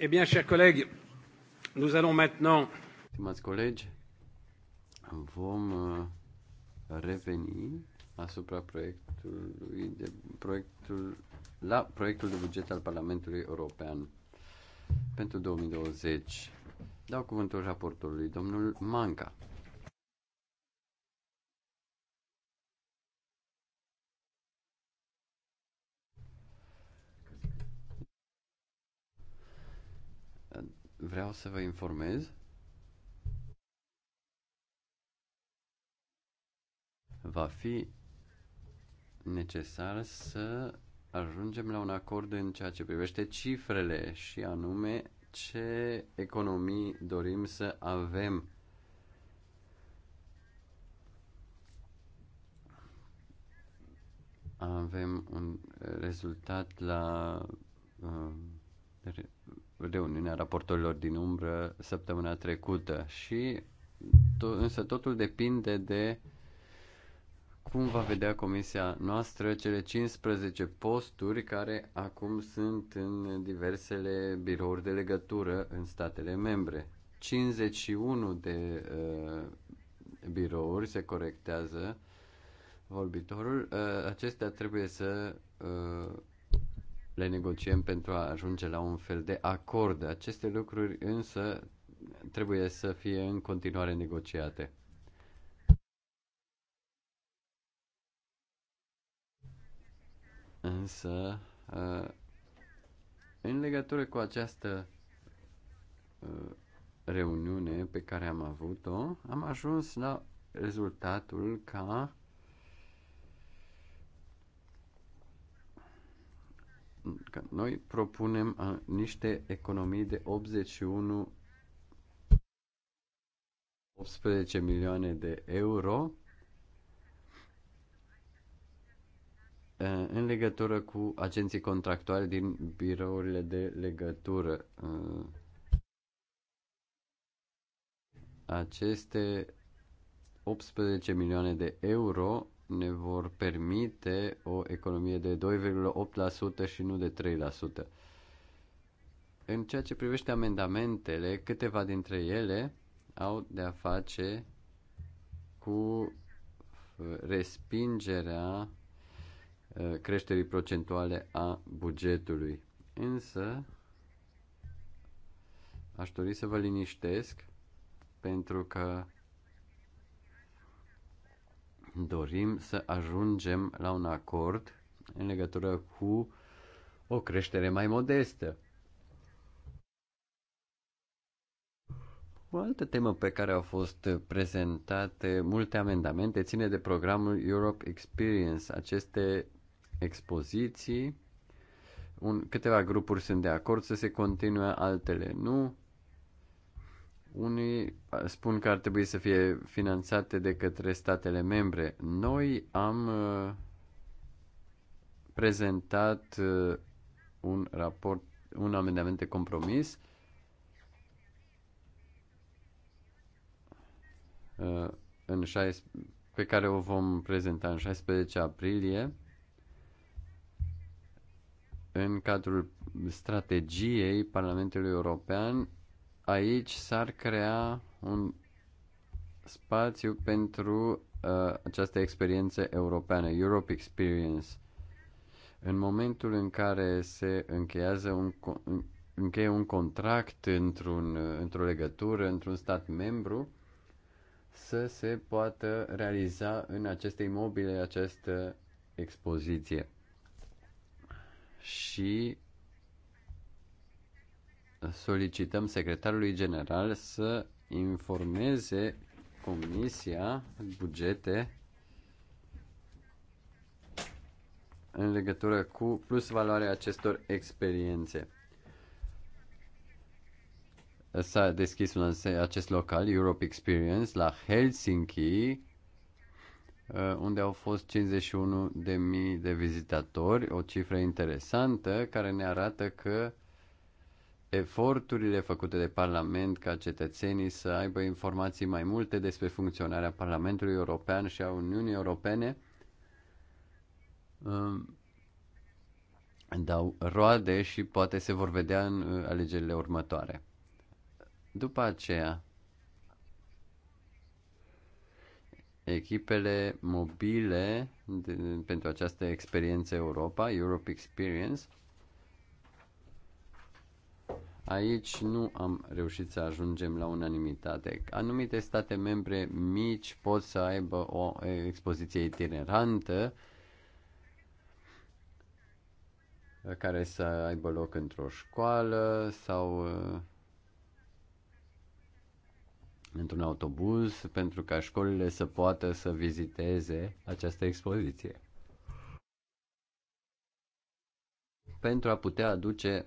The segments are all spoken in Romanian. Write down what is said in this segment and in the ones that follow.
Eh bien, chers collègues, nous allons maintenant. Stimați colegi, vom uh, reveni asupra proiectului de proiectul la proiectul de buget al Parlamentului European pentru 2020. Dau cuvântul raportorului domnul Manca. vreau să vă informez va fi necesar să ajungem la un acord în ceea ce privește cifrele și anume ce economii dorim să avem. Avem un rezultat la um, reuniunea raportorilor din umbră săptămâna trecută și to- însă totul depinde de cum va vedea comisia noastră cele 15 posturi care acum sunt în diversele birouri de legătură în statele membre. 51 de uh, birouri se corectează vorbitorul. Uh, acestea trebuie să uh, le negociem pentru a ajunge la un fel de acord. Aceste lucruri însă trebuie să fie în continuare negociate. Însă, uh, în legătură cu această uh, reuniune pe care am avut-o, am ajuns la rezultatul ca că noi propunem a, niște economii de 81 18 milioane de euro în legătură cu agenții contractuali din birourile de legătură. Aceste 18 milioane de euro ne vor permite o economie de 2,8% și nu de 3%. În ceea ce privește amendamentele, câteva dintre ele au de a face cu uh, respingerea uh, creșterii procentuale a bugetului. Însă, aș dori să vă liniștesc pentru că dorim să ajungem la un acord în legătură cu o creștere mai modestă. O altă temă pe care au fost prezentate multe amendamente ține de programul Europe Experience. Aceste expoziții, un, câteva grupuri sunt de acord să se continue, altele nu. Unii spun că ar trebui să fie finanțate de către statele membre. Noi am uh, prezentat uh, un raport, un amendament de compromis uh, în 16, pe care o vom prezenta în 16 aprilie în cadrul strategiei Parlamentului European aici s-ar crea un spațiu pentru uh, această experiență europeană, Europe Experience. În momentul în care se încheiază un, încheie un contract într-un, într-o legătură, într-un stat membru, să se poată realiza în aceste imobile această expoziție. Și solicităm secretarului general să informeze Comisia Bugete în legătură cu plus valoarea acestor experiențe. S-a deschis acest local, Europe Experience, la Helsinki, uh, unde au fost 51.000 de vizitatori, o cifră interesantă care ne arată că eforturile făcute de Parlament ca cetățenii să aibă informații mai multe despre funcționarea Parlamentului European și a Uniunii Europene dau roade și poate se vor vedea în uh, alegerile următoare. După aceea, echipele mobile de, pentru această experiență Europa, Europe Experience, Aici nu am reușit să ajungem la unanimitate. Anumite state membre mici pot să aibă o expoziție itinerantă care să aibă loc într-o școală sau uh, într-un autobuz pentru ca școlile să poată să viziteze această expoziție. Pentru a putea aduce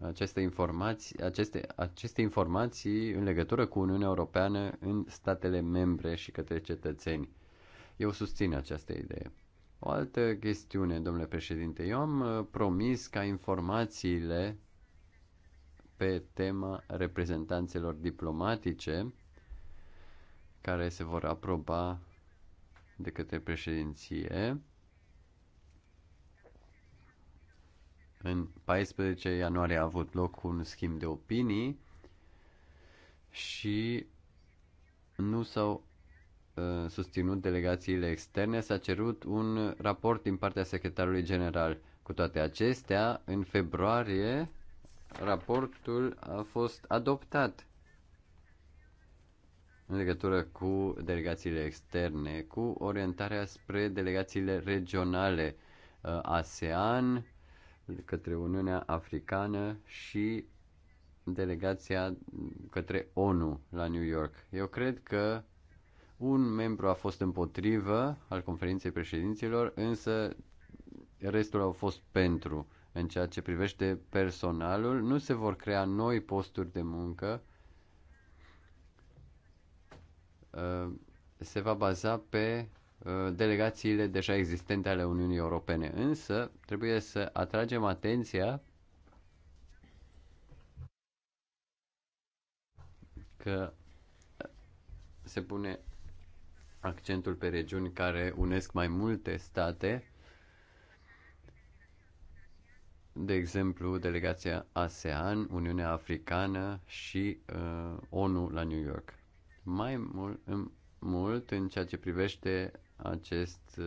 aceste informații, aceste, aceste informații în legătură cu Uniunea Europeană în statele membre și către cetățeni. Eu susțin această idee. O altă chestiune, domnule președinte, eu am uh, promis ca informațiile pe tema reprezentanțelor diplomatice care se vor aproba de către președinție În 14 ianuarie a avut loc un schimb de opinii și nu s-au uh, susținut delegațiile externe, s-a cerut un raport din partea secretarului general. Cu toate acestea, în februarie, raportul a fost adoptat în legătură cu delegațiile externe, cu orientarea spre delegațiile regionale uh, ASEAN, către Uniunea Africană și delegația către ONU la New York. Eu cred că un membru a fost împotrivă al conferinței președinților, însă restul au fost pentru. În ceea ce privește personalul, nu se vor crea noi posturi de muncă. Uh, se va baza pe Uh, delegațiile deja existente ale Uniunii Europene. Însă, trebuie să atragem atenția că se pune accentul pe regiuni care unesc mai multe state, de exemplu, delegația ASEAN, Uniunea Africană și uh, ONU la New York. Mai mult în, mult în ceea ce privește acest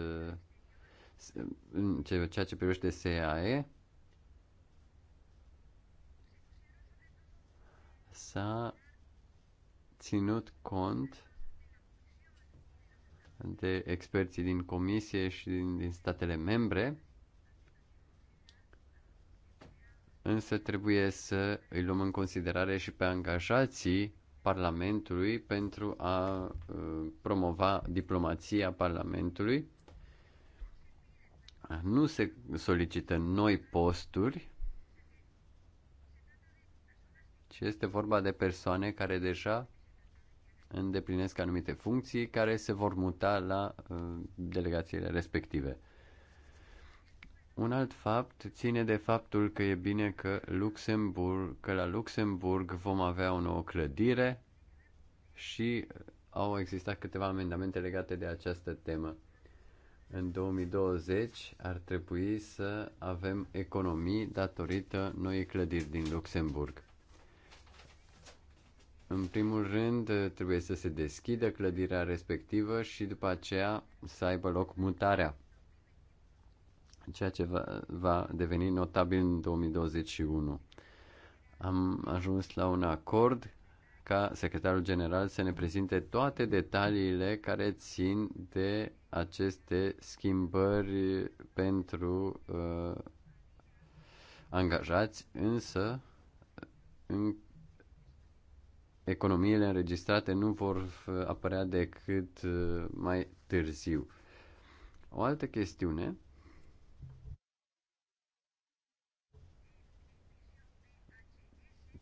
în uh, ceea ce privește SAE s-a ținut cont de experții din comisie și din, din statele membre, însă trebuie să îi luăm în considerare și pe angajații Parlamentului pentru a uh, promova diplomația Parlamentului. Nu se solicită noi posturi, ci este vorba de persoane care deja îndeplinesc anumite funcții care se vor muta la uh, delegațiile respective. Un alt fapt ține de faptul că e bine că, Luxemburg, că la Luxemburg vom avea o nouă clădire și au existat câteva amendamente legate de această temă. În 2020 ar trebui să avem economii datorită noii clădiri din Luxemburg. În primul rând, trebuie să se deschidă clădirea respectivă și după aceea să aibă loc mutarea ceea ce va, va deveni notabil în 2021. Am ajuns la un acord ca secretarul general să ne prezinte toate detaliile care țin de aceste schimbări pentru uh, angajați, însă în economiile înregistrate nu vor apărea decât uh, mai târziu. O altă chestiune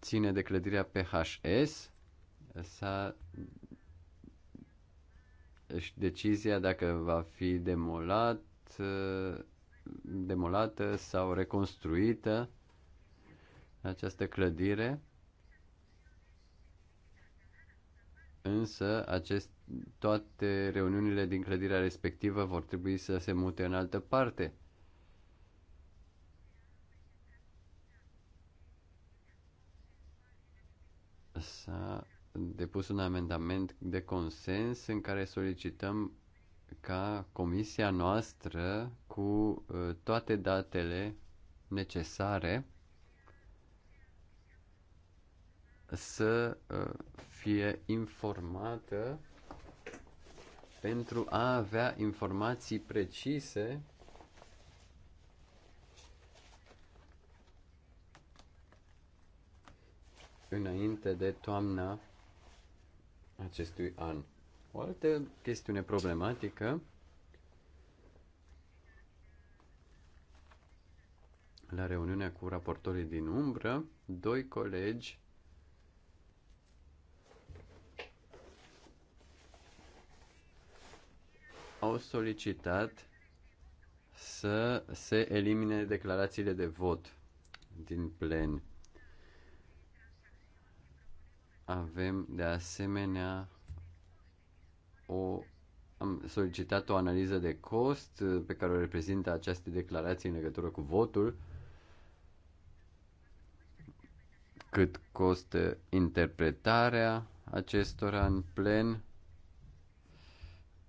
ține de clădirea PHS, s-a decizia dacă va fi demolat, demolată sau reconstruită această clădire. Însă acest, toate reuniunile din clădirea respectivă vor trebui să se mute în altă parte. depus un amendament de consens în care solicităm ca comisia noastră cu uh, toate datele necesare să uh, fie informată pentru a avea informații precise înainte de toamna acestui an. O altă chestiune problematică la reuniunea cu raportorii din umbră, doi colegi au solicitat să se elimine declarațiile de vot din plen avem de asemenea o am solicitat o analiză de cost uh, pe care o reprezintă această declarație în legătură cu votul, cât costă interpretarea acestora în plen.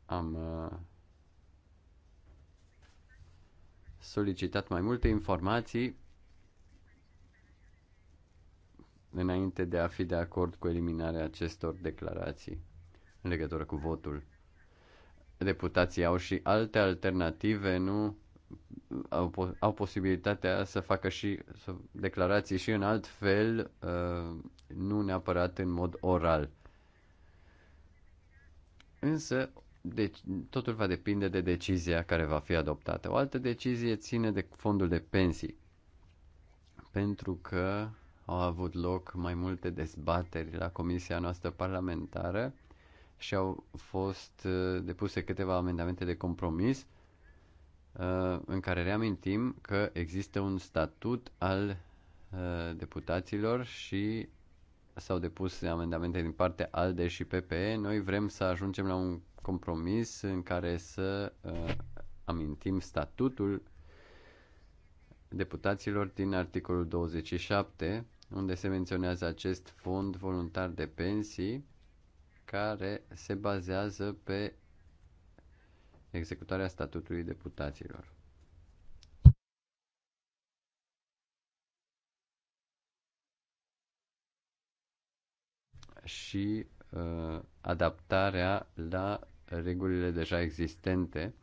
Am uh, solicitat mai multe informații înainte de a fi de acord cu eliminarea acestor declarații în legătură cu votul. Deputații au și alte alternative, nu? Au, po- au posibilitatea să facă și să declarații și în alt fel, uh, nu neapărat în mod oral. Însă, deci, totul va depinde de decizia care va fi adoptată. O altă decizie ține de fondul de pensii. Pentru că au avut loc mai multe dezbateri la comisia noastră parlamentară și au fost uh, depuse câteva amendamente de compromis uh, în care reamintim că există un statut al uh, deputaților și s-au depus amendamente din partea ALDE și PPE. Noi vrem să ajungem la un compromis în care să amintim statutul deputaților din articolul 27 unde se menționează acest fond voluntar de pensii care se bazează pe executarea statutului deputaților. și uh, adaptarea la regulile deja existente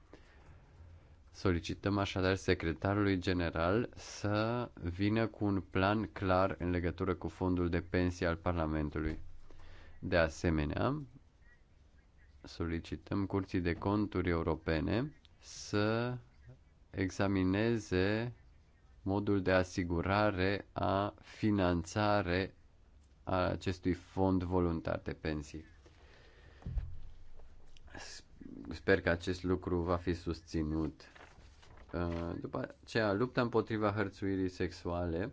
Solicităm așadar secretarului general să vină cu un plan clar în legătură cu fondul de pensie al Parlamentului. De asemenea, solicităm Curții de Conturi Europene să examineze modul de asigurare a finanțare a acestui fond voluntar de pensii. Sper că acest lucru va fi susținut după aceea, lupta împotriva hărțuirii sexuale,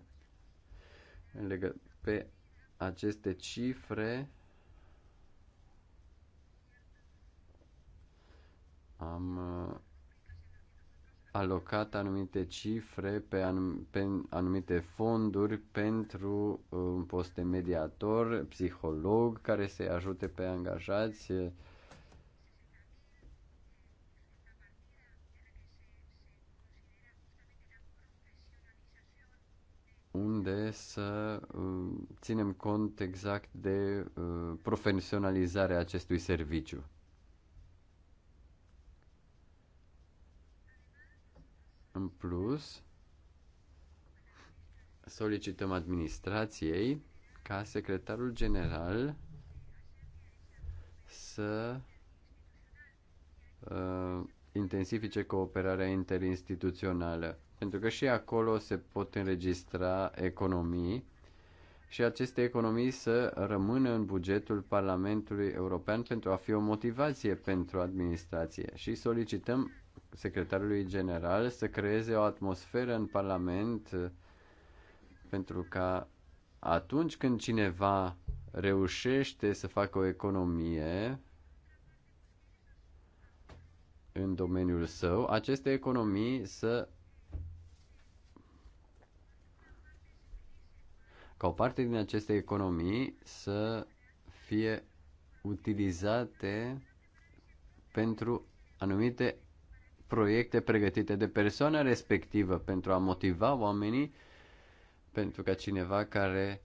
pe aceste cifre, am uh, alocat anumite cifre pe, anum, pe anumite fonduri pentru uh, un post de mediator, psiholog care să ajute pe angajați unde să uh, ținem cont exact de uh, profesionalizarea acestui serviciu. În plus, solicităm administrației ca secretarul general să uh, intensifice cooperarea interinstituțională pentru că și acolo se pot înregistra economii și aceste economii să rămână în bugetul Parlamentului European pentru a fi o motivație pentru administrație și solicităm secretarului general să creeze o atmosferă în Parlament uh, pentru ca atunci când cineva reușește să facă o economie în domeniul său, aceste economii să ca o parte din aceste economii să fie utilizate pentru anumite proiecte pregătite de persoana respectivă pentru a motiva oamenii pentru ca cineva care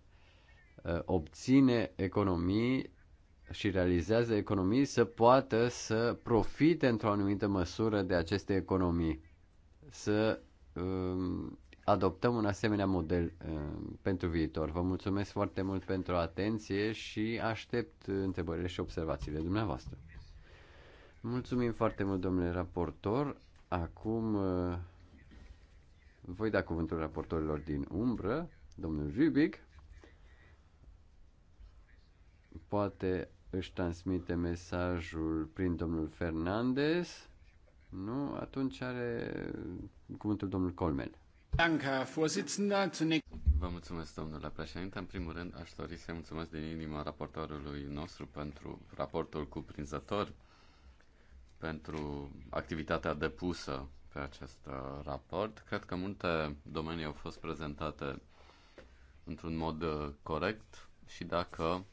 uh, obține economii și realizează economii să poată să profite într-o anumită măsură de aceste economii, să uh, adoptăm un asemenea model uh, pentru viitor. Vă mulțumesc foarte mult pentru atenție și aștept întrebările și observațiile dumneavoastră. Mulțumim foarte mult, domnule raportor. Acum uh, voi da cuvântul raportorilor din umbră, domnul Rubic. Poate își transmite mesajul prin domnul Fernandez. Nu? Atunci are cuvântul domnul Colmel. Vă mulțumesc, domnule președinte. În primul rând, aș dori să-i mulțumesc din inimă raportorului nostru pentru raportul cuprinzător, pentru activitatea depusă pe acest uh, raport. Cred că multe domenii au fost prezentate într-un mod uh, corect și dacă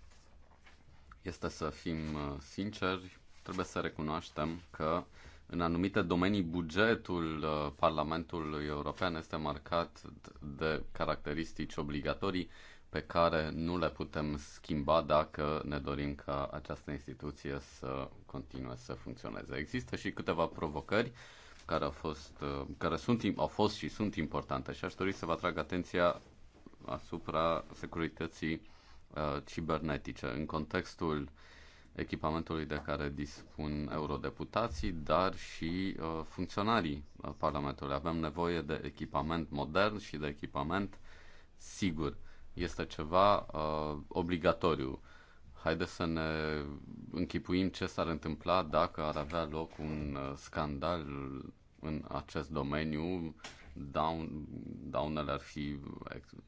este să fim uh, sinceri, trebuie să recunoaștem că în anumite domenii bugetul uh, Parlamentului European este marcat de caracteristici obligatorii pe care nu le putem schimba dacă ne dorim ca această instituție să continue să funcționeze. Există și câteva provocări care au fost, uh, care sunt, au fost și sunt importante și aș dori să vă atrag atenția asupra securității uh, cibernetice. În contextul uh, echipamentului de care dispun eurodeputații, dar și uh, funcționarii Parlamentului. Avem nevoie de echipament modern și de echipament sigur. Este ceva uh, obligatoriu. Haideți să ne închipuim ce s-ar întâmpla dacă ar avea loc un uh, scandal în acest domeniu. down daunele ar fi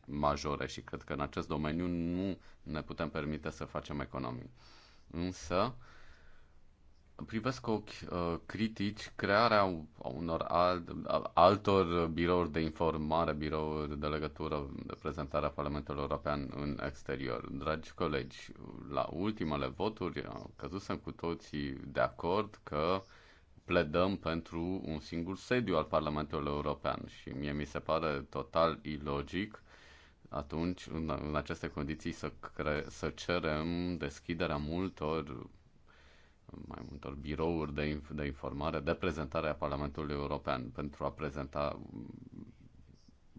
majore și cred că în acest domeniu nu ne putem permite să facem economii însă privesc cu ochi uh, critici crearea unor alt, altor birouri de informare, birouri de legătură de prezentare a Parlamentului European în exterior. Dragi colegi, la ultimele voturi uh, căzusem cu toții de acord că pledăm pentru un singur sediu al Parlamentului European și mie mi se pare total ilogic atunci, în, în aceste condiții, să, cre- să cerem deschiderea multor mai multor birouri de, de informare, de prezentare a Parlamentului European pentru a prezenta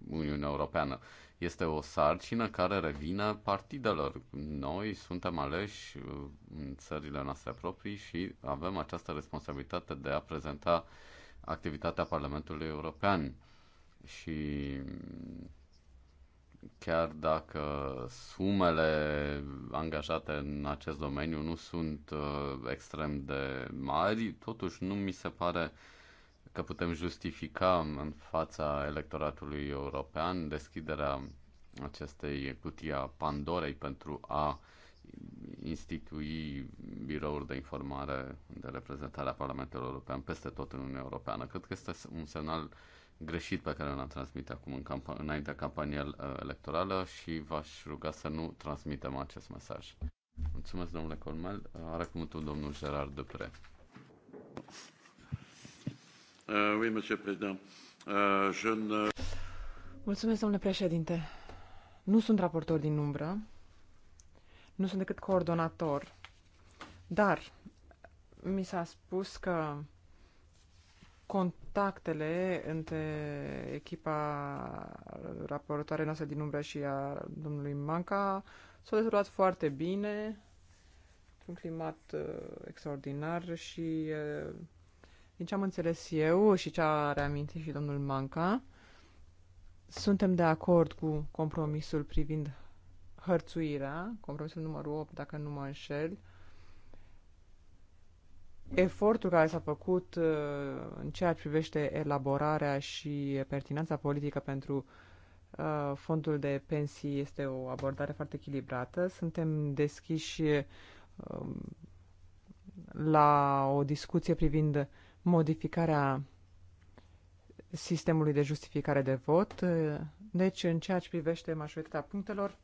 Uniunea Europeană. Este o sarcină care revine partidelor. Noi suntem aleși uh, în țările noastre proprii și avem această responsabilitate de a prezenta activitatea Parlamentului European. Și chiar dacă sumele angajate în acest domeniu nu sunt uh, extrem de mari, totuși nu mi se pare că putem justifica în fața electoratului european deschiderea acestei cutii a Pandorei pentru a institui birouri de informare de reprezentare a Parlamentului European peste tot în Uniunea Europeană. Cred că este un semnal uh, greșit pe care l-am transmit acum în camp- înaintea campaniei uh, electorală și v-aș ruga să nu transmitem acest mesaj. Mulțumesc, domnule Colmel. Uh, are cuvântul domnul Gerard Dupre. Uh, oui, monsieur président. Uh, je ne... Mulțumesc, domnule președinte. Nu sunt raportor din umbră, nu sunt decât coordonator, dar mi s-a spus că contactele între echipa raportoare noastră din umbră și a domnului Manca s-au desfășurat foarte bine, un climat uh, extraordinar și uh, din ce am înțeles eu și ce a reamintit și domnul Manca, suntem de acord cu compromisul privind hărțuirea, compromisul numărul 8, dacă nu mă înșel, efortul care s-a făcut uh, în ceea ce privește elaborarea și pertinența politică pentru uh, fondul de pensii este o abordare foarte echilibrată. Suntem deschiși um, la o discuție privind modificarea sistemului de justificare de vot. Deci, în ceea ce privește majoritatea punctelor,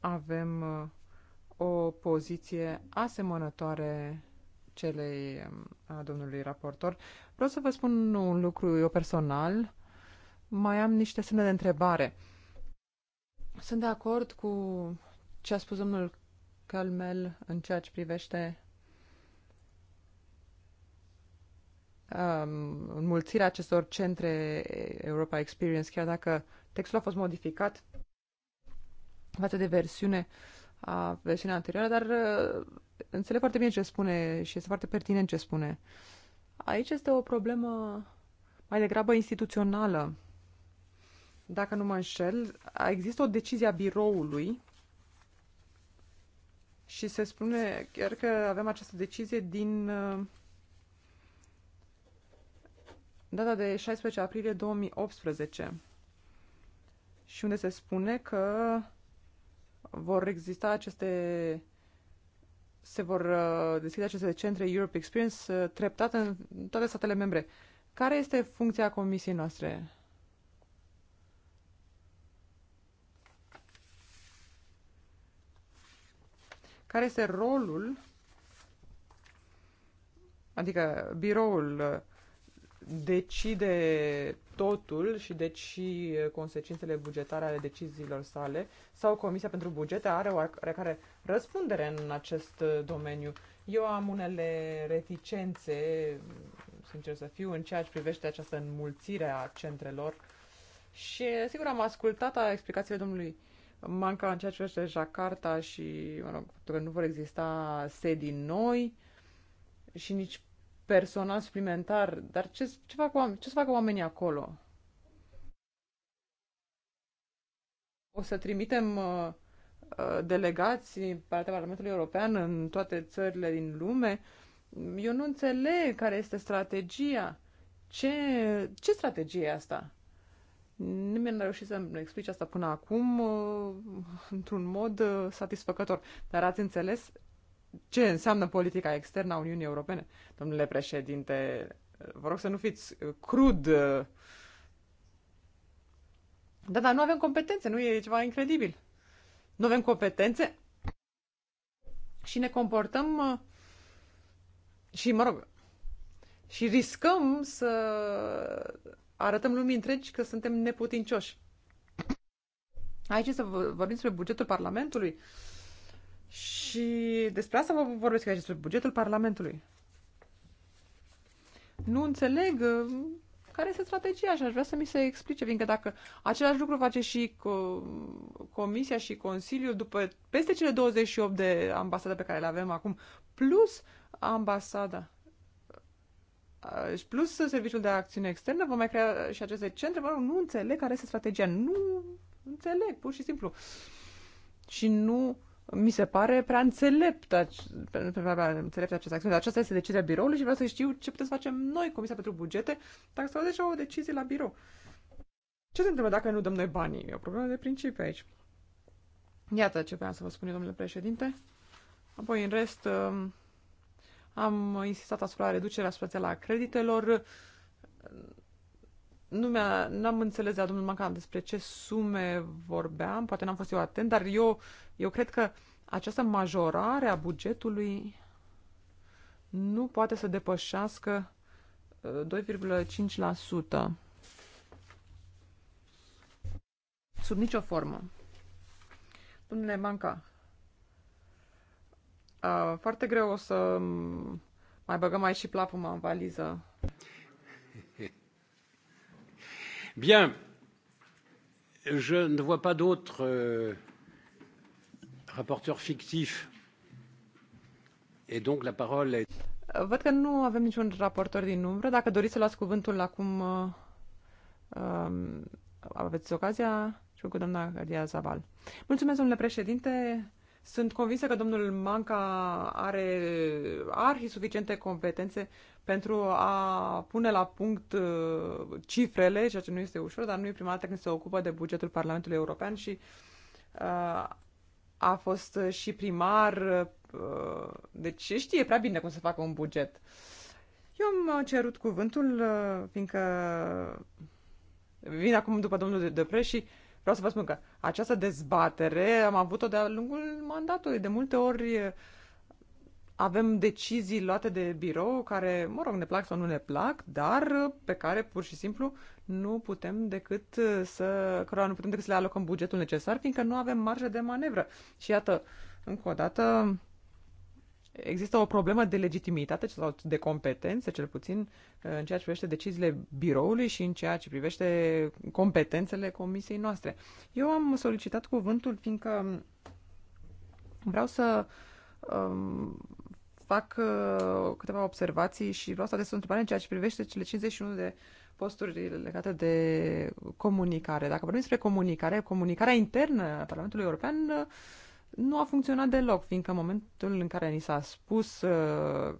avem uh, o poziție asemănătoare celei a domnului raportor. Vreau să vă spun un lucru eu personal. Mai am niște semne de întrebare. Sunt de acord cu ce a spus domnul Calmel în ceea ce privește um, înmulțirea acestor centre Europa Experience, chiar dacă textul a fost modificat față de versiune uh, a versiunea anterioară, dar uh, înțeleg foarte bine ce spune și este foarte pertinent ce spune. Aici este o problemă mai degrabă instituțională. Dacă nu mă înșel, există o decizie a biroului și se spune chiar că avem această decizie din uh, data de 16 aprilie 2018 și unde se spune că vor exista aceste se vor uh, deschide aceste centre Europe Experience uh, treptat în toate statele membre. Care este funcția comisiei noastre? Care este rolul, adică biroul uh, decide totul și deci și consecințele bugetare ale deciziilor sale sau Comisia pentru Bugete are oarecare răspundere în acest domeniu. Eu am unele reticențe, sincer să fiu, în ceea ce privește această înmulțire a centrelor și sigur am ascultat explicațiile domnului Manca în ceea ce privește Jakarta și, mă rog, faptul că nu vor exista sedii noi și nici personal suplimentar, dar ce, ce, fac oameni, ce să facă oamenii acolo? O să trimitem uh, uh delegați din partea Parlamentului European în toate țările din lume. Eu nu înțeleg care este strategia. Ce, ce strategie e asta? Nimeni nu a reușit să-mi explice asta până acum uh, într-un mod uh, satisfăcător. Dar ați înțeles ce înseamnă politica externă a Uniunii Europene. Domnule președinte, vă rog să nu fiți uh, crud. Uh, da, dar nu avem competențe, nu e ceva incredibil. Nu avem competențe și ne comportăm uh, și, mă rog, și riscăm să arătăm lumii întregi că suntem neputincioși. Aici să vorbim despre bugetul Parlamentului. Uh, și despre asta vă vorbesc aici, despre bugetul Parlamentului. Nu înțeleg uh, care este strategia și aș vrea să mi se explice, fiindcă dacă același lucru face și Comisia și Consiliul, după peste cele 28 de ambasade pe care le avem acum, plus ambasada uh, și plus serviciul de acțiune externă, vom mai crea și aceste centre, mă rog, nu înțeleg care este strategia, nu înțeleg, pur și simplu. Și nu mi se pare prea înțeleptă, prea înțeleptă această acțiune. Dar aceasta este decizia biroului și vreau să știu ce putem să facem noi, Comisia pentru Bugete, dacă s-au deja o decizie la birou. Ce se întâmplă dacă nu dăm noi banii? E o problemă de principiu aici. Iată ce vreau să vă spun eu, domnule președinte. Apoi, în rest, um, am insistat asupra reducerea spațială a creditelor nu n-am înțeles de la domnul Macan despre ce sume vorbeam, poate n-am fost eu atent, dar eu, eu cred că această majorare a bugetului nu poate să depășească 2,5%. Uh, Sub nicio formă. Domnule Manca, uh, foarte greu o să mai băgăm aici și plapuma în valiză. Bien. Je ne vois pas d'autres euh, rapporteurs fictifs. Et donc la parole est... Văd că nu avem niciun raportor din umbră. Dacă doriți să luați cuvântul acum, uh, uh, aveți ocazia și cu doamna Gardia Zaval. Mulțumesc, domnule președinte. Sunt convinsă că domnul Manca are arhi suficiente competențe pentru a pune la punct uh, cifrele, ceea ce nu este ușor, dar nu e prima dată când se ocupă de bugetul Parlamentului European și uh, a fost și primar, uh, deci știe prea bine cum să facă un buget. Eu am cerut cuvântul, fiindcă vin acum după domnul Depre și vreau să vă spun că această dezbatere am avut-o de-a lungul mandatului. De multe ori avem decizii luate de birou care, mă rog, ne plac sau nu ne plac, dar pe care pur și simplu nu putem decât să, cărora nu putem decât să le alocăm bugetul necesar, fiindcă nu avem marjă de manevră. Și iată, încă o dată, există o problemă de legitimitate sau de competențe, cel puțin în ceea ce privește deciziile biroului și în ceea ce privește competențele comisiei noastre. Eu am solicitat cuvântul fiindcă vreau să um, fac uh, câteva observații și vreau să adresez o întrebare în ceea ce privește cele 51 de posturi legate de comunicare. Dacă vorbim despre comunicare, comunicarea internă a Parlamentului European uh, nu a funcționat deloc, fiindcă în momentul în care ni s-a spus uh,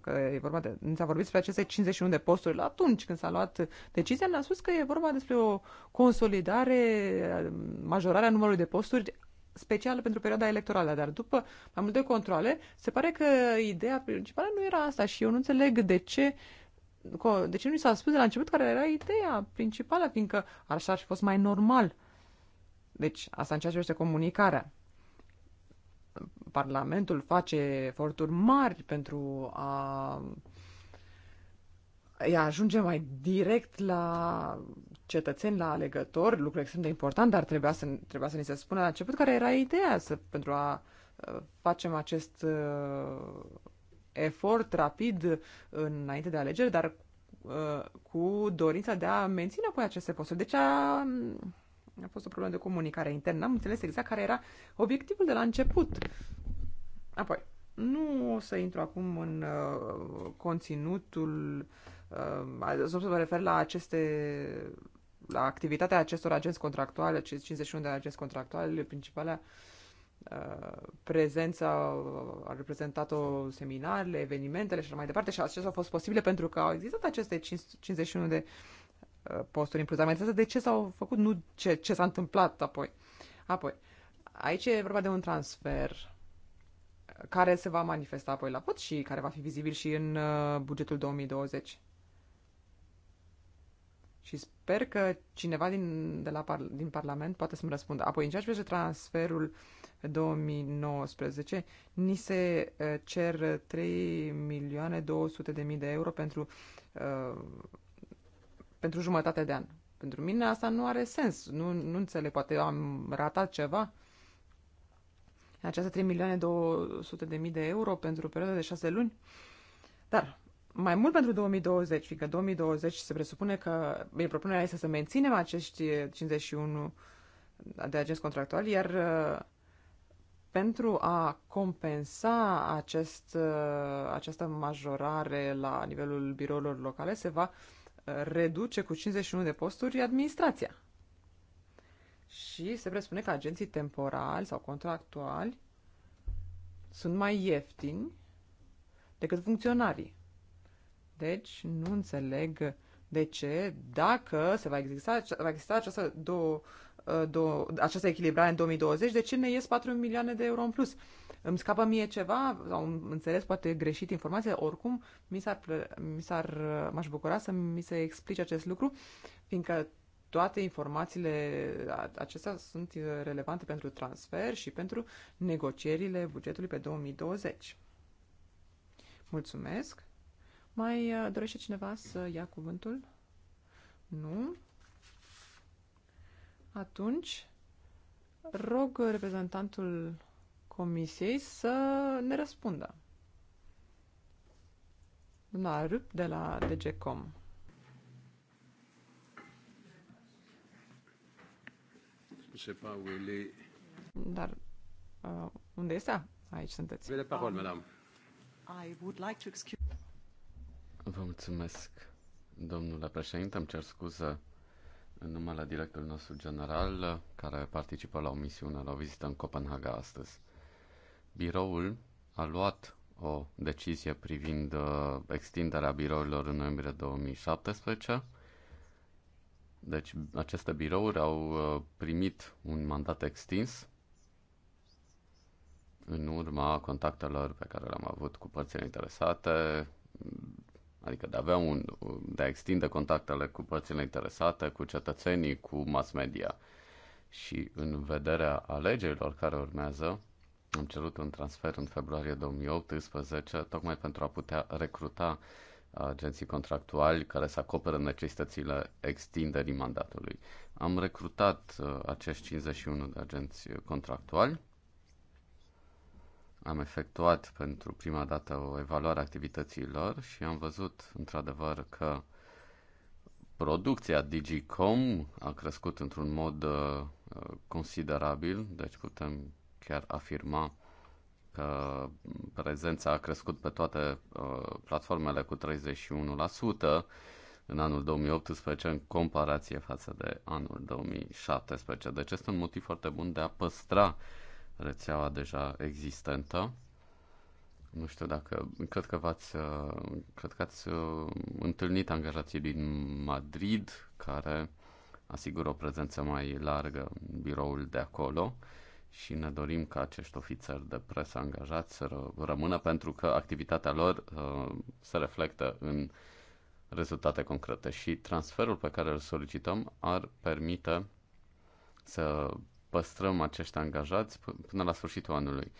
că e vorba de, ni s-a vorbit despre aceste 51 de posturi, atunci când s-a luat decizia, ne-a spus că e vorba despre o consolidare, majorarea numărului de posturi specială pentru perioada electorală, dar după mai multe controle, se pare că ideea principală nu era asta și eu nu înțeleg de ce de ce nu s-a spus de la început care era ideea principală, fiindcă așa ar fi fost mai normal. Deci, asta în ceea ce este comunicarea. Parlamentul face eforturi mari pentru a ajunge mai direct la cetățeni la alegători, lucru extrem de important, dar trebuia să, trebuia să ni se spună la început care era ideea să, pentru a uh, facem acest uh, efort rapid înainte de alegeri, dar uh, cu dorința de a menține apoi aceste posturi. Deci a, a fost o problemă de comunicare internă. Am înțeles exact care era obiectivul de la început. Apoi, nu o să intru acum în uh, conținutul, uh, să vă refer la aceste la activitatea acestor agenți contractuale, 51 de agenți contractuale, principalea uh, prezența uh, a reprezentat-o seminarele, evenimentele și mai departe și acestea au fost posibile pentru că au existat aceste 51 de uh, posturi în plus. Dar de ce s-au făcut, nu ce, ce s-a întâmplat apoi. Apoi, aici e vorba de un transfer care se va manifesta apoi la vot și care va fi vizibil și în bugetul 2020. Și sper că cineva din, de la par, din Parlament poate să-mi răspundă. Apoi, în ceea ce privește transferul 2019, ni se uh, cer 3 milioane 200 de mii de euro pentru, uh, pentru jumătate de an. Pentru mine asta nu are sens. Nu, nu înțeleg, poate eu am ratat ceva. Aceasta 3 milioane 200 de mii de euro pentru o perioadă de 6 luni. Dar mai mult pentru 2020, fiindcă 2020 se presupune că e propunerea este să menținem acești 51 de agenți contractuali, iar uh, pentru a compensa acest, uh, această majorare la nivelul birourilor locale, se va uh, reduce cu 51 de posturi administrația. Și se presupune că agenții temporali sau contractuali sunt mai ieftini decât funcționarii. Deci, nu înțeleg de ce, dacă se va exista, va exista această, două, două, această echilibrare în 2020, de ce ne ies 4 milioane de euro în plus? Îmi scapă mie ceva, sau înțeles poate greșit informația, oricum mi s-ar, mi s-ar, m-aș bucura să mi se explice acest lucru, fiindcă toate informațiile acestea sunt ă, relevante pentru transfer și pentru negocierile bugetului pe 2020. Mulțumesc! Mai uh, dorește cineva să ia cuvântul? Nu? Atunci, rog reprezentantul comisiei să ne răspundă. Doamna Rup de la DGCOM. Dar uh, unde este? Aici sunteți. Vede parol, madame. I would like to excuse... Vă mulțumesc, domnule președinte. Îmi cer scuză în numele directorului nostru general, care participă la o misiune, la o vizită în Copenhaga astăzi. Biroul a luat o decizie privind uh, extinderea birourilor în noiembrie 2017. Deci aceste birouri au uh, primit un mandat extins în urma contactelor pe care le-am avut cu părțile interesate, adică de a avea un, de a extinde contactele cu părțile interesate, cu cetățenii, cu mass media. Și în vederea alegerilor care urmează, am cerut un transfer în februarie 2018, tocmai pentru a putea recruta agenții contractuali care să acopere necesitățile extinderii mandatului. Am recrutat uh, acești 51 de agenți contractuali am efectuat pentru prima dată o evaluare a activităților și am văzut într-adevăr că producția Digicom a crescut într-un mod uh, considerabil, deci putem chiar afirma că prezența a crescut pe toate uh, platformele cu 31% în anul 2018 în comparație față de anul 2017. Deci este un motiv foarte bun de a păstra uh, rețeaua deja existentă. Nu știu dacă, cred că v-ați, uh, cred că ați uh, întâlnit angajații din Madrid care asigură o prezență mai largă în biroul de acolo și ne dorim ca acești ofițeri de presă angajați să rămână pentru că activitatea lor uh, se reflectă în rezultate concrete și transferul pe care îl solicităm ar permite să păstrăm acești angajați până la sfârșitul anului.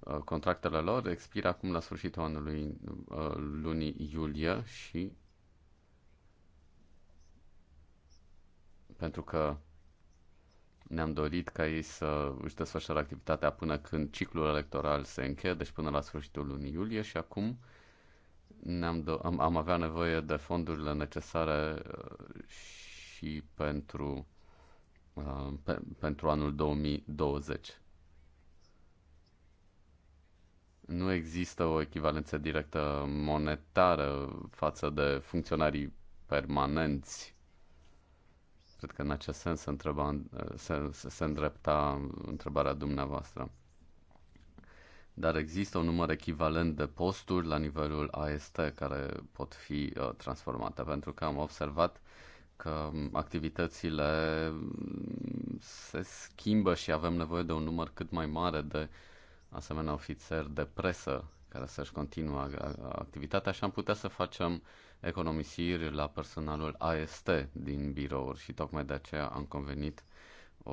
Uh, contractele lor expiră acum la sfârșitul anului uh, lunii iulie și pentru că ne-am dorit ca ei să își desfășoare activitatea până când ciclul electoral se încheie, deci până la sfârșitul lunii iulie și acum ne-am do- am, am avea nevoie de fondurile necesare uh, și pentru Uh, pe, pentru anul 2020. Nu există o echivalență directă monetară față de funcționarii permanenți. Cred că în acest sens se, întreba, uh, se, se îndrepta întrebarea dumneavoastră. Dar există un număr echivalent de posturi la nivelul AST care pot fi uh, transformate, pentru că am observat uh, că activitățile se schimbă și avem nevoie de un număr cât mai mare de asemenea ofițeri de presă care să-și continue activitatea și am putea să facem economisiri la personalul AST din birouri și tocmai de aceea am convenit o,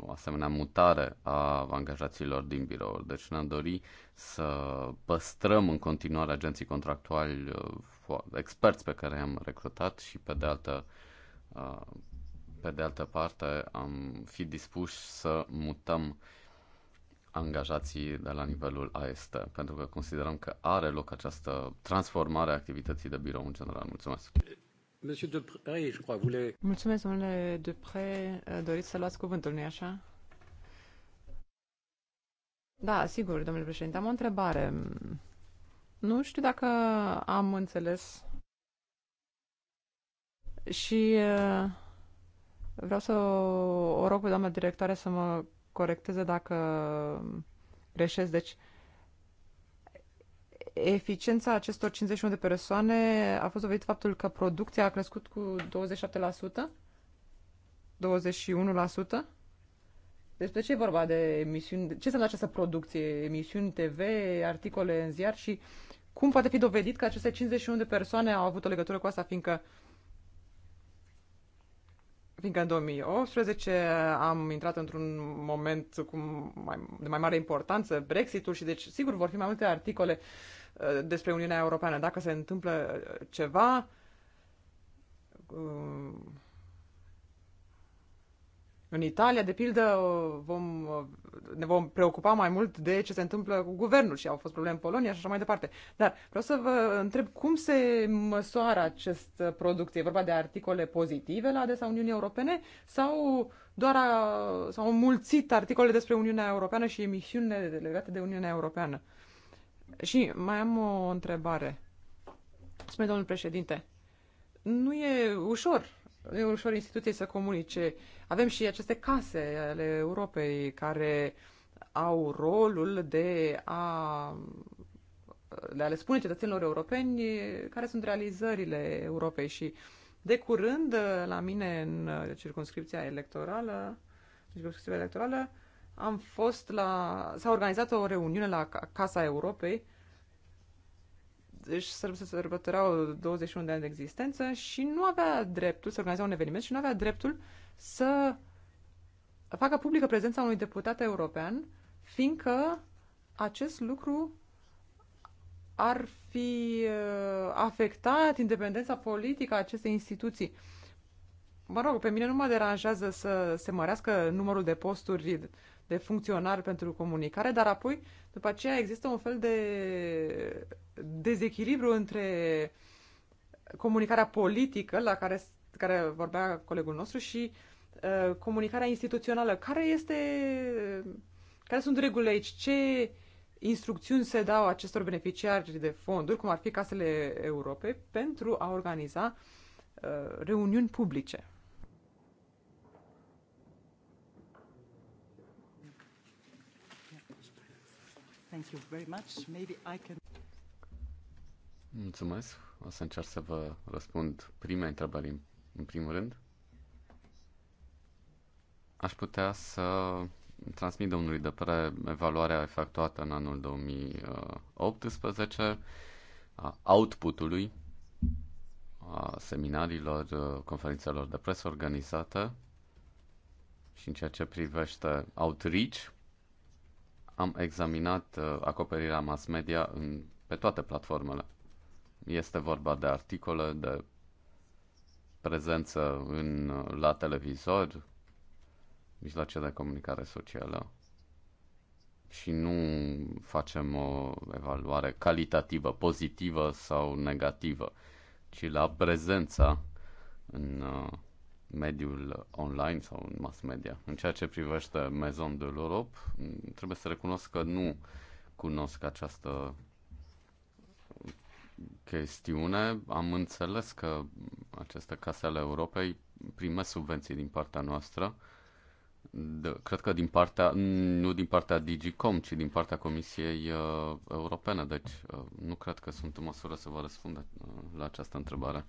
o asemenea mutare a angajaților din birouri. Deci ne-am dorit să păstrăm în continuare agenții contractuali uh, experți pe care i-am recrutat și pe de altă pe de altă parte am fi dispuși să mutăm angajații de la nivelul AST, pentru că considerăm că are loc această transformare a activității de birou în general. Mulțumesc! Monsieur je crois, voulez... Mulțumesc, domnule Depre. Doriți să luați cuvântul, nu-i așa? Da, sigur, domnule președinte. Am o întrebare nu știu dacă am înțeles. Și uh, vreau să o, rog pe doamna directoare să mă corecteze dacă greșesc. Deci, eficiența acestor 51 de persoane a fost dovedit faptul că producția a crescut cu 27%, 21%, despre ce e vorba de emisiuni? Ce înseamnă această producție? Emisiuni TV, articole în ziar și cum poate fi dovedit că aceste 51 de persoane au avut o legătură cu asta, fiindcă fiindcă în 2018 am intrat într-un moment cu mai, de mai mare importanță, Brexitul și deci sigur vor fi mai multe articole uh, despre Uniunea Europeană. Dacă se întâmplă uh, ceva, uh, în Italia, de pildă, vom, ne vom preocupa mai mult de ce se întâmplă cu guvernul și au fost probleme în Polonia și așa mai departe. Dar vreau să vă întreb cum se măsoară acest product. E vorba de articole pozitive la adresa Uniunii Europene sau doar a, sau mulțit articole despre Uniunea Europeană și emisiunile legate de Uniunea Europeană? Și mai am o întrebare. Spune domnul președinte, nu e ușor e ușor instituției să comunice. Avem și aceste case ale Europei care au rolul de a, de a le spune cetățenilor europeni care sunt realizările Europei și de curând la mine în circunscripția electorală, circunscripția electorală am fost la, s-a organizat o reuniune la Casa Europei își sărbătoreau 21 de ani de existență și nu avea dreptul să organizeze un eveniment și nu avea dreptul să facă publică prezența unui deputat european, fiindcă acest lucru ar fi uh, afectat independența politică a acestei instituții. Mă rog, pe mine nu mă deranjează să se mărească numărul de posturi de funcționari pentru comunicare, dar apoi, după aceea, există un fel de dezechilibru între comunicarea politică, la care, care vorbea colegul nostru, și uh, comunicarea instituțională. Care este... Care sunt regulile aici? Ce instrucțiuni se dau acestor beneficiari de fonduri, cum ar fi casele Europei, pentru a organiza uh, reuniuni publice? Mulțumesc. O să încerc să vă răspund prima întrebare în primul rând. Aș putea să transmit domnului pre evaluarea efectuată în anul 2018 a outputului a seminariilor, uh, conferințelor de presă organizate și în ceea ce privește outreach, am examinat uh, acoperirea mass media în, pe toate platformele. Este vorba de articole, de prezență în, uh, la televizor, mijloace de comunicare socială și nu facem o evaluare calitativă, pozitivă sau negativă, ci la prezența în uh, mediul online sau în mass media. În ceea ce privește Maison de l'Europe, trebuie să recunosc că nu cunosc această chestiune. Am înțeles că aceste case ale Europei primesc subvenții din partea noastră, de, cred că din partea, nu din partea Digicom, ci din partea Comisiei uh, Europene. Deci uh, nu cred că sunt în măsură să vă răspund uh, la această întrebare.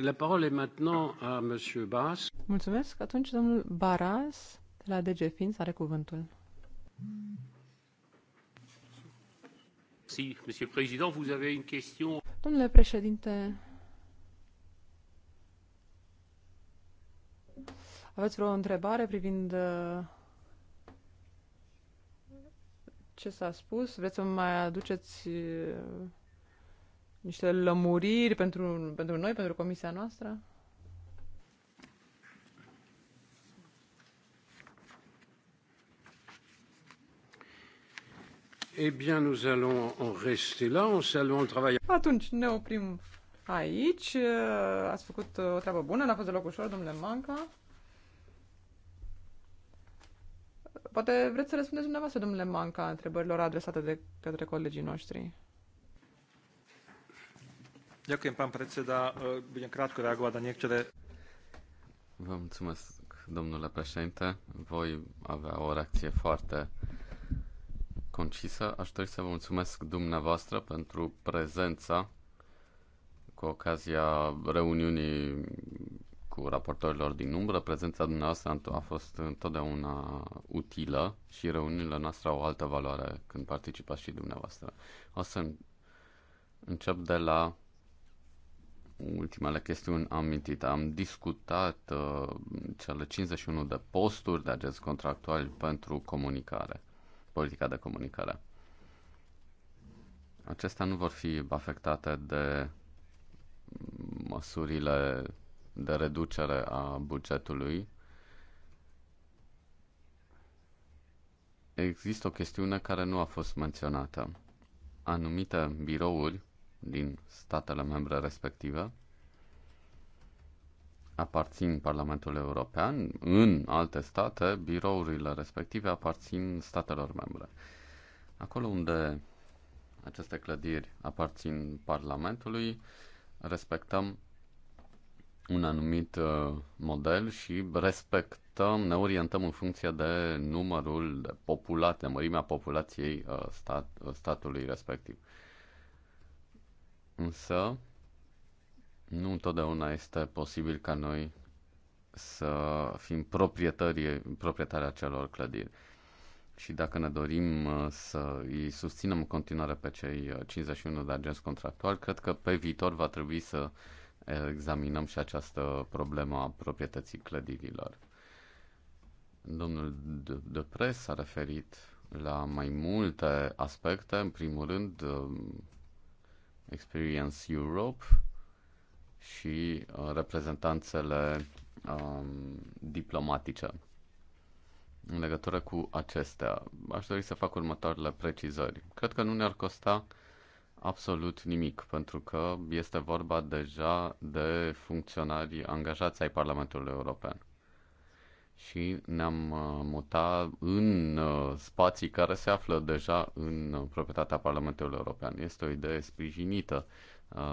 La parole est maintenant à monsieur Baras. Mulțumesc. Atunci domnul Baras de la DG Fins are cuvântul. Si, monsieur le président, vous avez une question. Domnule președinte, aveți vreo întrebare privind uh, ce s-a spus? Vreți să mai aduceți uh, niște lămuriri pentru, pentru noi, pentru comisia noastră? Eh bien, nous allons en rester là, en saluant le travail. Atunci ne oprim aici. Eh, ați făcut eh, o treabă bună, n-a fost deloc ușor, domnule Manca. Eh, poate vreți să răspundeți dumneavoastră, domnule Manca, întrebărilor adresate de către colegii noștri. Ďakujem, pán predseda. Budem krátko reagovať na niektoré... Vă mulțumesc, domnule președinte. Voi avea o reacție foarte concisă. Aș dori să vă mulțumesc dumneavoastră pentru prezența cu ocazia reuniunii cu raportorilor din umbră. Prezența dumneavoastră a fost întotdeauna utilă și reuniunile noastre au o altă valoare când participați și dumneavoastră. O să încep de la ultimele chestiuni amintite. Am discutat uh, cele 51 de posturi de agenți contractuali pentru comunicare, politica de comunicare. Acestea nu vor fi afectate de măsurile de reducere a bugetului. Există o chestiune care nu a fost menționată. Anumite birouri din statele membre respective aparțin Parlamentului European, în alte state, birourile respective aparțin statelor membre. Acolo unde aceste clădiri aparțin Parlamentului, respectăm un anumit uh, model și respectăm, ne orientăm în funcție de numărul de populație, mărimea populației uh, stat, statului respectiv. Însă, nu întotdeauna este posibil ca noi să fim proprietari, proprietari acelor clădiri. Și dacă ne dorim uh, să îi susținem în continuare pe cei 51 uh, de agenți contractuali, cred că pe viitor va trebui să examinăm și această problemă a proprietății clădirilor. Domnul Depres a referit la mai multe aspecte, în primul rând uh, Experience Europe și uh, reprezentanțele um, diplomatice. În legătură cu acestea, aș dori să fac următoarele precizări. Cred că nu ne-ar costa absolut nimic, pentru că este vorba deja de funcționari angajați ai Parlamentului European și ne-am uh, mutat în uh, spații care se află deja în uh, proprietatea Parlamentului European. Este o idee sprijinită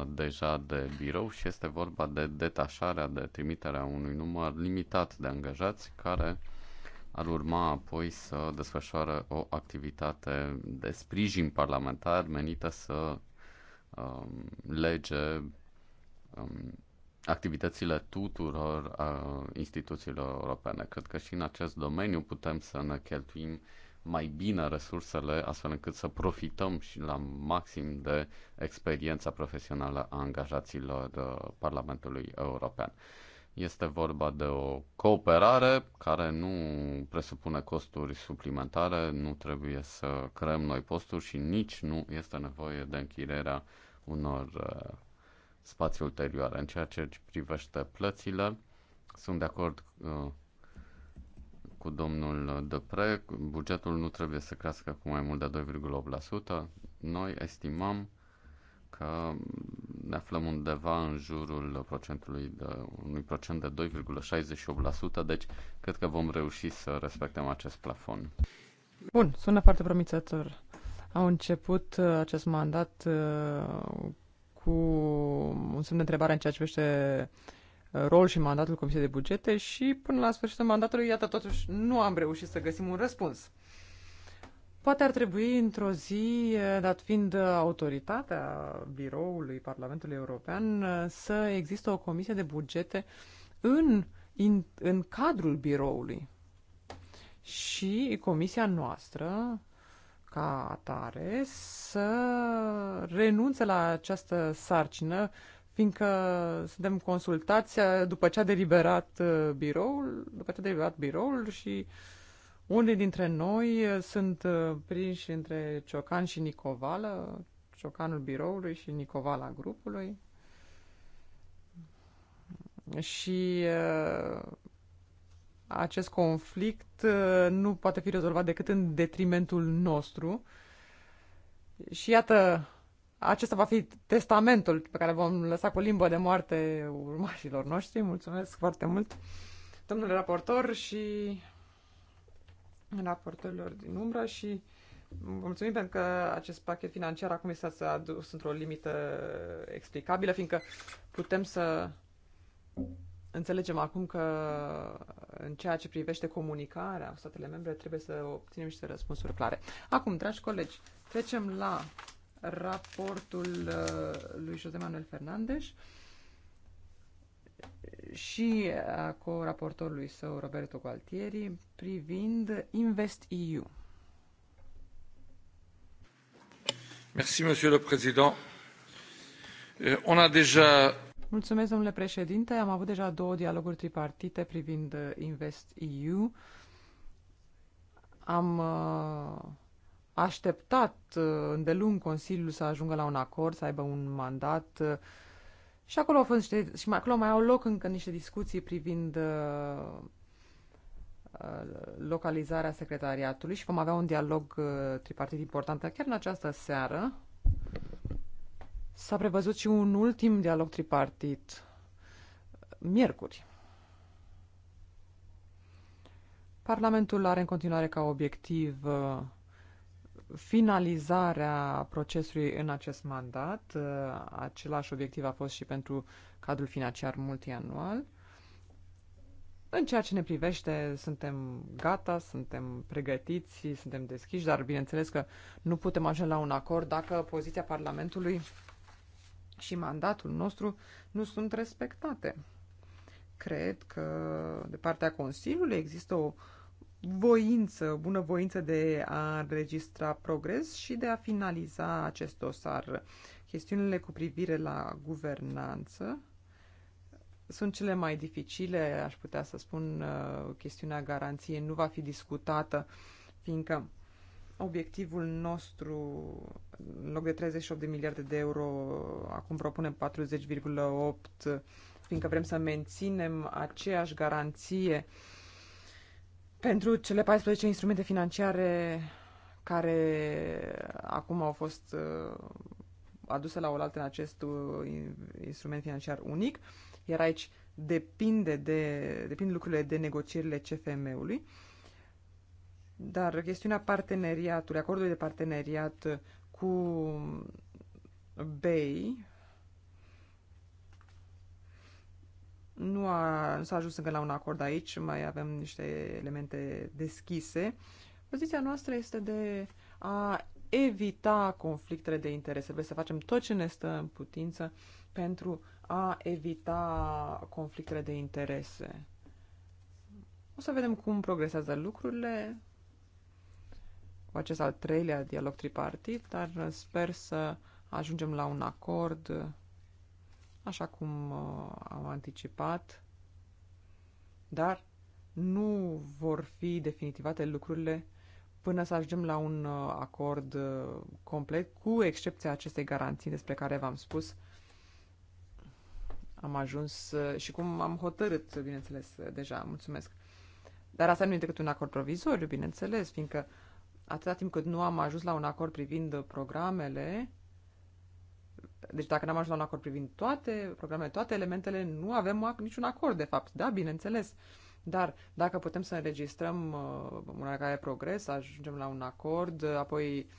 deja de birou și este vorba de detașarea, de trimiterea unui număr limitat de angajați care ar urma apoi să desfășoare o activitate de sprijin parlamentar menită să um, lege um, activitățile tuturor uh, instituțiilor europene. Cred că și în acest domeniu putem să ne cheltuim mai bine resursele, astfel încât să profităm și la maxim de experiența profesională a angajaților uh, Parlamentului European. Este vorba de o cooperare care nu presupune costuri suplimentare, nu trebuie să creăm noi posturi și nici nu este nevoie de închirierea unor uh, spații ulterioare. În ceea ce privește plățile, sunt de acord uh, cu domnul Depre, bugetul nu trebuie să crească cu mai mult de 2,8%. Noi estimăm că ne aflăm undeva în jurul procentului de, unui procent de 2,68%, deci cred că vom reuși să respectăm acest plafon. Bun, sună foarte promițător. Au început uh, acest mandat uh, cu un semn de întrebare în ceea ce privește uh, rol și mandatul Comisiei de Bugete și până la sfârșitul mandatului, iată, totuși nu am reușit să găsim un răspuns. Poate ar trebui într-o zi, uh, dat fiind autoritatea biroului Parlamentului European, uh, să există o comisie de bugete în, in, în cadrul biroului. Și comisia noastră ca atare să renunțe la această sarcină, fiindcă suntem consultați uh, după ce a deliberat uh, biroul, după ce a deliberat biroul și unii dintre noi uh, sunt prinși între Ciocan și Nicovală, Ciocanul biroului și Nicovala grupului. Și acest conflict uh, nu poate fi rezolvat decât în detrimentul nostru. Și iată, acesta va fi testamentul pe care vom lăsa cu limbă de moarte urmașilor noștri. Mulțumesc foarte mult, domnule raportor și raportorilor din umbră și vă mulțumim pentru că acest pachet financiar acum este să adus într-o limită explicabilă, fiindcă putem să Înțelegem acum că în ceea ce privește comunicarea statele membre trebuie să obținem niște răspunsuri clare. Acum, dragi colegi, trecem la raportul uh, lui José Manuel Fernandez și uh, cu raportorului său Roberto Gualtieri privind Invest EU. Merci, Monsieur le Président. Euh, on a déjà Mulțumesc, domnule președinte. Am avut deja două dialoguri tripartite privind uh, Invest EU. Am uh, așteptat uh, îndelung Consiliul să ajungă la un acord, să aibă un mandat și acolo au fost niște, și acolo mai au loc încă niște discuții privind localizarea secretariatului și vom avea un dialog tripartit important chiar în această seară S-a prevăzut și un ultim dialog tripartit miercuri. Parlamentul are în continuare ca obiectiv uh, finalizarea procesului în acest mandat. Uh, același obiectiv a fost și pentru cadrul financiar multianual. În ceea ce ne privește, suntem gata, suntem pregătiți, suntem deschiși, dar bineînțeles că nu putem ajunge la un acord dacă poziția Parlamentului și mandatul nostru nu sunt respectate. Cred că de partea Consiliului există o voință, bună voință de a înregistra progres și de a finaliza acest dosar. Chestiunile cu privire la guvernanță sunt cele mai dificile, aș putea să spun, uh, chestiunea garanției nu va fi discutată, fiindcă obiectivul nostru, în loc de 38 de miliarde de euro, acum propunem 40,8, fiindcă vrem să menținem aceeași garanție pentru cele 14 instrumente financiare care acum au fost uh, aduse la oaltă în acest uh, instrument financiar unic, iar aici depinde de, depinde lucrurile de negocierile CFM-ului. Dar chestiunea parteneriatului, acordului de parteneriat cu BEI nu, a, nu s-a ajuns încă la un acord aici, mai avem niște elemente deschise. Poziția noastră este de a evita conflictele de interese. Trebuie să facem tot ce ne stă în putință pentru a evita conflictele de interese. O să vedem cum progresează lucrurile acest al treilea dialog tripartit, dar sper să ajungem la un acord, așa cum uh, am anticipat, dar nu vor fi definitivate lucrurile până să ajungem la un uh, acord uh, complet, cu excepția acestei garanții despre care v-am spus. Am ajuns și cum am hotărât, bineînțeles, deja, mulțumesc. Dar asta nu e decât un acord provizoriu, bineînțeles, fiindcă uh, Atâta timp cât nu am ajuns la un acord privind programele, deci dacă n-am ajuns la un acord privind toate programele, toate elementele, nu avem niciun acord, de fapt. Da, bineînțeles. Dar dacă putem să înregistrăm uh, un care progres, ajungem la un acord, uh, apoi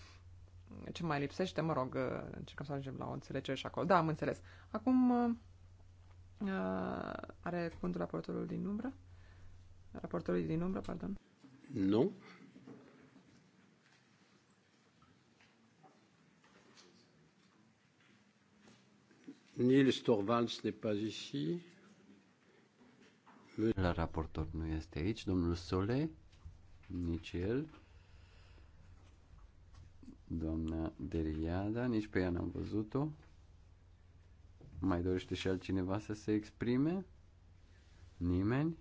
ce mai lipsește, mă rog, uh, încercăm să ajungem la o înțelegere și acolo. Da, am înțeles. Acum uh, are cuvântul raportorul din umbră? Raportorul din umbră, pardon. Nu. Nils Torvalds n'est pas ici. La raportor nu este aici, domnul Sole, nici el. Doamna Deriada, nici pe ea n-am văzut-o. Mai dorește și altcineva să se exprime? Nimeni?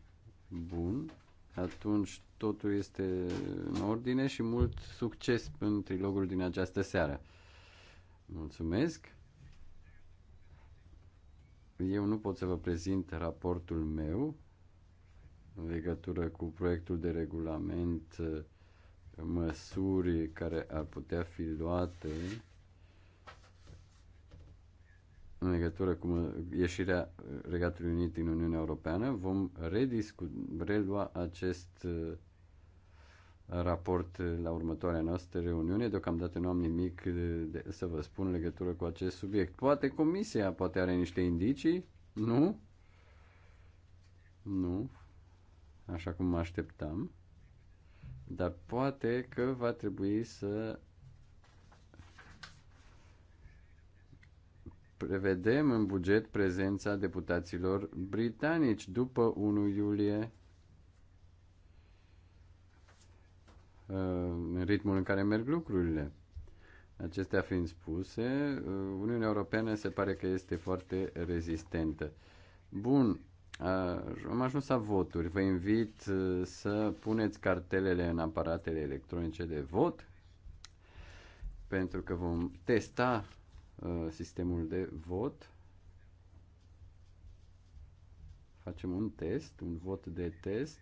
Bun. Atunci totul este în ordine și mult succes în trilogul din această seară. Mulțumesc! Eu nu pot să vă prezint raportul meu în legătură cu proiectul de regulament, uh, măsuri care ar putea fi luate în legătură cu ieșirea Regatului Unit din Uniunea Europeană. Vom redisc- relua acest uh, raport la următoarea noastră reuniune. Deocamdată nu am nimic de, să vă spun în legătură cu acest subiect. Poate comisia poate are niște indicii, nu? Nu, așa cum mă așteptam. Dar poate că va trebui să prevedem în buget prezența deputaților britanici după 1 iulie Uh, în ritmul în care merg lucrurile. Acestea fiind spuse, uh, Uniunea Europeană se pare că este foarte rezistentă. Bun, am ajuns la voturi. Vă invit uh, să puneți cartelele în aparatele electronice de vot pentru că vom testa sistemul de vot. Facem un test, un vot de test.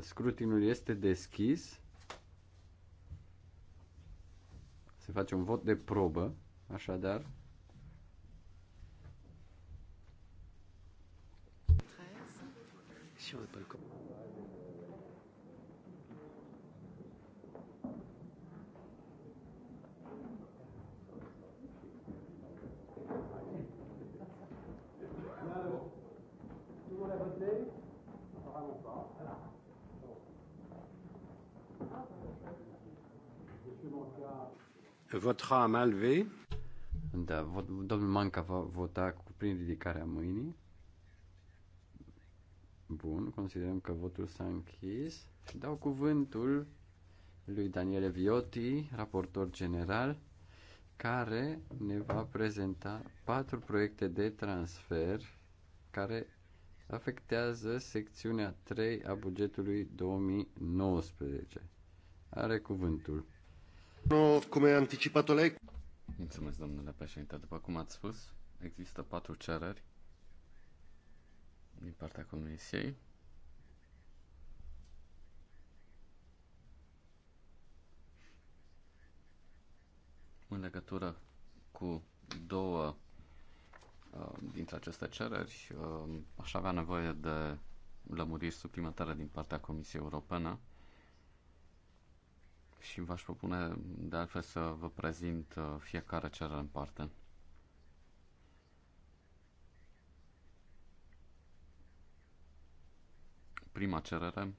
Scrutinul este deschis. Se face un vot de probă, așadar. Și eu votera à main levée. Da, domnul Manca va vota cu prin ridicarea mâinii. Bun, considerăm că votul s-a închis. Dau cuvântul lui Daniele Viotti, raportor general, care ne va prezenta patru proiecte de transfer care afectează secțiunea 3 a bugetului 2019. Are cuvântul cum a anticipat lei? Mulțumesc, domnule președinte. După cum ați spus, există patru cereri din partea Comisiei. În legătură cu două uh, dintre aceste cereri, uh, aș avea nevoie de lămuriri suplimentare din partea Comisiei Europene și v-aș propune de altfel să vă prezint uh, fiecare cerere în parte. Prima cerere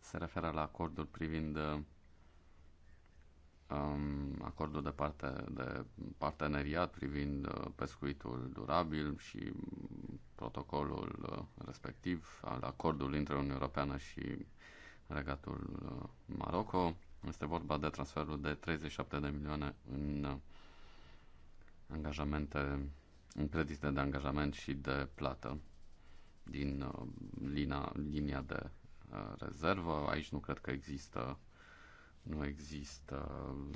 se referă la acordul privind uh, um, acordul de, parte, de parteneriat privind uh, pescuitul durabil și protocolul respectiv al acordului între Uniunea Europeană și regatul uh, Maroco. Este vorba de transferul de 37 de milioane în uh, angajamente, în credite de angajament și de plată din uh, lina, linia de rezervă. Aici nu cred că există nu există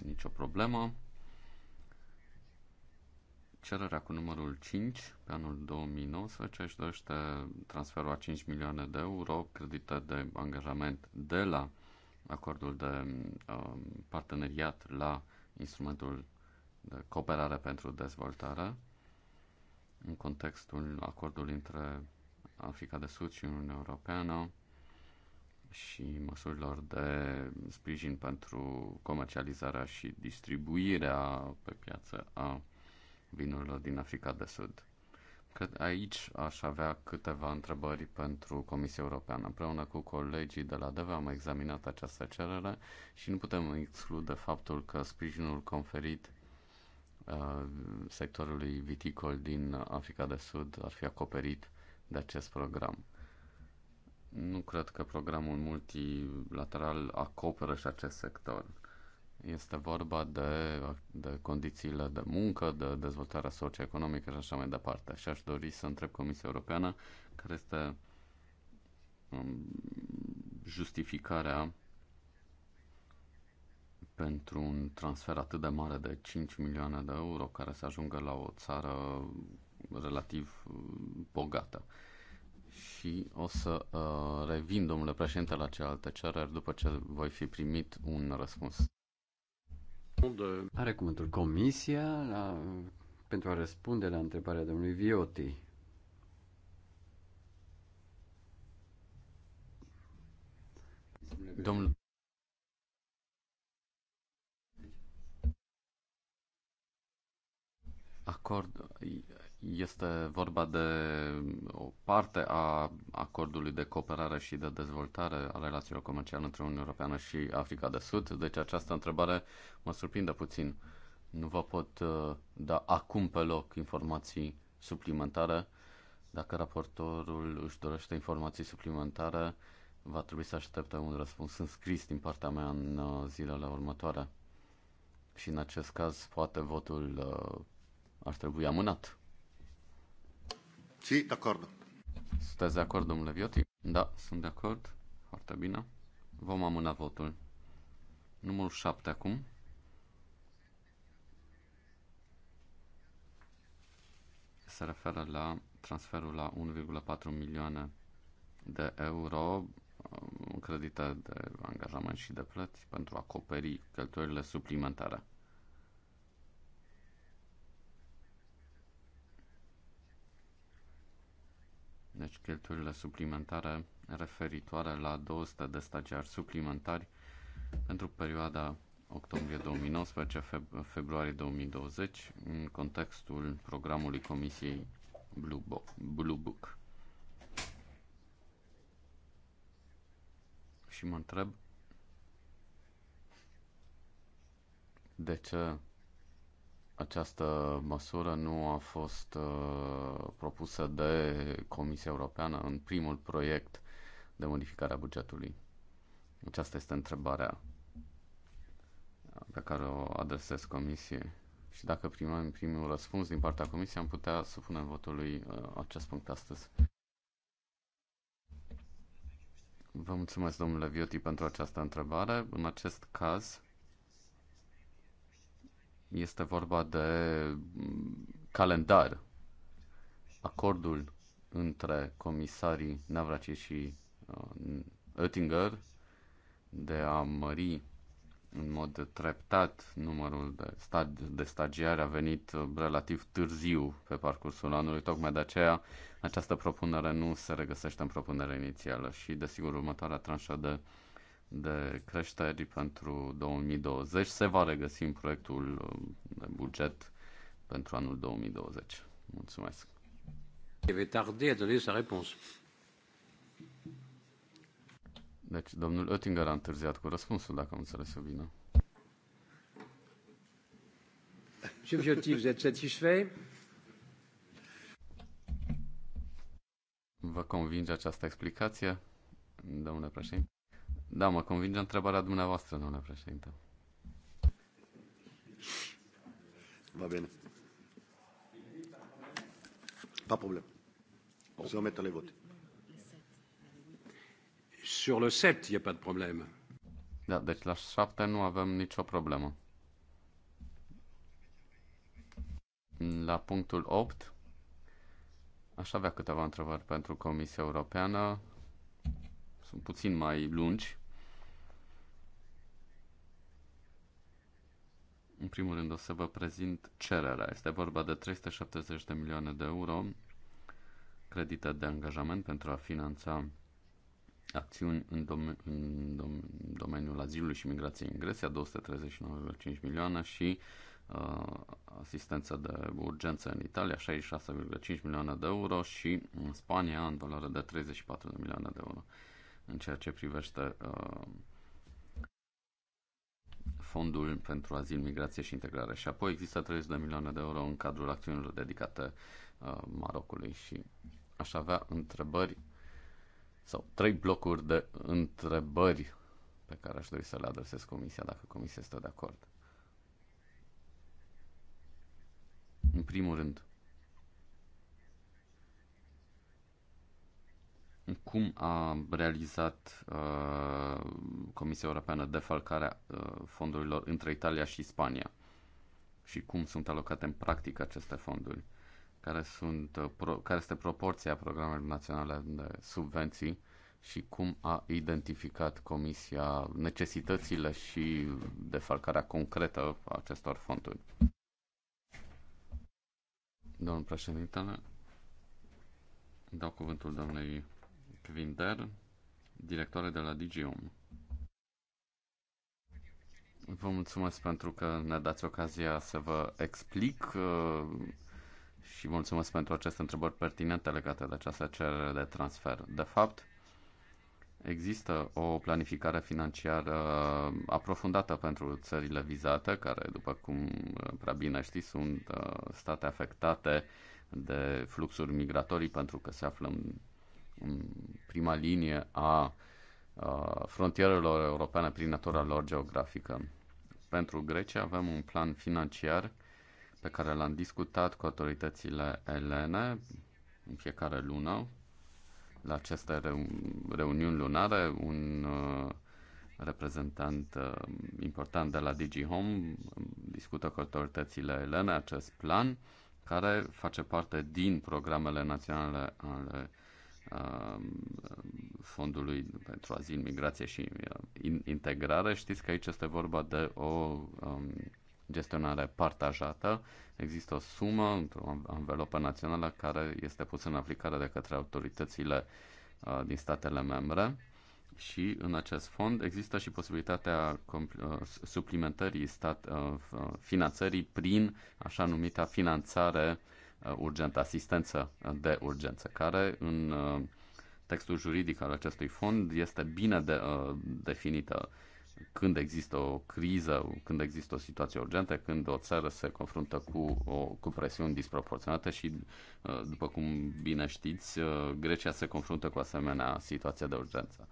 nicio problemă cererea cu numărul 5 pe anul 2019 își dorește transferul a 5 milioane de euro credite de angajament de la acordul de um, parteneriat la instrumentul de cooperare pentru dezvoltare în contextul acordului între Africa de Sud și Uniunea Europeană și măsurilor de sprijin pentru comercializarea și distribuirea pe piață a vinurilor din Africa de Sud. Că aici aș avea câteva întrebări pentru Comisia Europeană. Împreună cu colegii de la DV am examinat această cerere și nu putem exclude faptul că sprijinul conferit uh, sectorului viticol din Africa de Sud ar fi acoperit de acest program. Nu cred că programul multilateral acoperă și acest sector. Este vorba de, de condițiile de muncă, de dezvoltarea socioeconomică și așa mai departe. Și aș dori să întreb Comisia Europeană care este um, justificarea pentru un transfer atât de mare de 5 milioane de euro care să ajungă la o țară relativ uh, bogată. Și o să uh, revin, domnule președinte, la cealaltă cerere, după ce voi fi primit un răspuns. Are cuvântul Comisia la, pentru a răspunde la întrebarea domnului Vioti. Domnul acord este vorba de o parte a acordului de cooperare și de dezvoltare a relațiilor comerciale între Uniunea Europeană și Africa de Sud, deci această întrebare mă surprinde puțin. Nu vă pot uh, da acum pe loc informații suplimentare. Dacă raportorul își dorește informații suplimentare, va trebui să aștepte un răspuns înscris din partea mea în uh, zilele următoare. Și în acest caz, poate votul uh, ar trebui amânat. Si, de Sunteți de acord, domnule Vioti? Da, sunt de acord. Foarte bine. Vom amâna votul. Numărul 7 acum. Se referă la transferul la 1,4 milioane de euro în um, credite de angajament și de plăți pentru a acoperi cheltuielile suplimentare. Deci cheltuielile suplimentare referitoare la 200 de stagiari suplimentari pentru perioada octombrie 2019 feb- februarie 2020 în contextul programului Comisiei Blue, Bo- Blue Book. Și mă întreb de ce această măsură nu a fost uh, propusă de Comisia Europeană în primul proiect de modificare a bugetului. Aceasta este întrebarea pe care o adresez Comisiei. Și dacă primim primul răspuns din partea Comisiei, am putea să punem votului uh, acest punct astăzi. Vă mulțumesc, domnule Vioti, pentru această întrebare. În acest caz, este vorba de mm, calendar. Acordul între comisarii Navracis și uh, Oettinger de a mări în mod treptat numărul de, stag- de stagiari a venit uh, relativ târziu pe parcursul anului, tocmai de aceea această propunere nu se regăsește în propunerea inițială și, desigur, următoarea tranșă de uh, de creșteri pentru 2020 se va regăsi în proiectul um, de buget pentru anul 2020. Mulțumesc. Deci, domnul Oettinger a întârziat cu răspunsul, dacă am înțeles eu bine. Vă convinge această explicație, domnule președinte? Da, mă convinge întrebarea dumneavoastră, domnule președinte. Va bine. Pas problème. On se remet à les votes. Sur le 7, il n'y a pas de problème. Da, deci la 7 nu avem nicio problemă. La punctul 8, aș avea câteva întrebări pentru Comisia Europeană. Sunt puțin mai lungi. În primul rând o să vă prezint cererea. Este vorba de 370 de milioane de euro credită de angajament pentru a finanța acțiuni în, dom- în dom- domeniul azilului și migrației în Grecia, 239,5 milioane și uh, asistență de urgență în Italia, 66,5 milioane de euro și în Spania, în valoare de 34 de milioane de euro. În ceea ce privește uh, fondul pentru azil, migrație și integrare. Și apoi există 30 de milioane de euro în cadrul acțiunilor dedicate uh, Marocului și aș avea întrebări sau trei blocuri de întrebări pe care aș dori să le adresez comisia, dacă comisia este de acord. În primul rând, cum a realizat uh, Comisia Europeană defalcarea uh, fondurilor între Italia și Spania și cum sunt alocate în practică aceste fonduri, care, sunt, uh, pro, care este proporția programelor naționale de subvenții și cum a identificat Comisia necesitățile și defalcarea concretă a acestor fonduri. Domnul președinte, dau cuvântul domnului Kvinder, directoare de la Digium. Vă mulțumesc pentru că ne dați ocazia să vă explic uh, și vă mulțumesc pentru aceste întrebări pertinente legate de această cerere de transfer. De fapt, există o planificare financiară aprofundată pentru țările vizate, care, după cum uh, prea bine știți, sunt uh, state afectate de fluxuri migratorii pentru că se află în în prima linie a frontierelor europene prin natura lor geografică. Pentru Grecia avem un plan financiar pe care l-am discutat cu autoritățile elene în fiecare lună, la aceste reuniuni lunare, un uh, reprezentant uh, important de la DigiHome discută cu autoritățile elene acest plan care face parte din programele naționale ale Um, fondului pentru Azil, Migrație și uh, Integrare. Știți că aici este vorba de o um, gestionare partajată. Există o sumă într-o anvelopă națională care este pusă în aplicare de către autoritățile uh, din statele membre și în acest fond există și posibilitatea uh, suplimentării stat, finanțării prin așa numita finanțare Uh, urgentă, asistență de urgență, care în uh, textul juridic al acestui fond este bine de, uh, definită când există o criză, când există o situație urgentă, când o țară se confruntă cu, o, cu presiuni disproporționate și, după cum bine știți, Grecia se confruntă cu asemenea situație de urgență.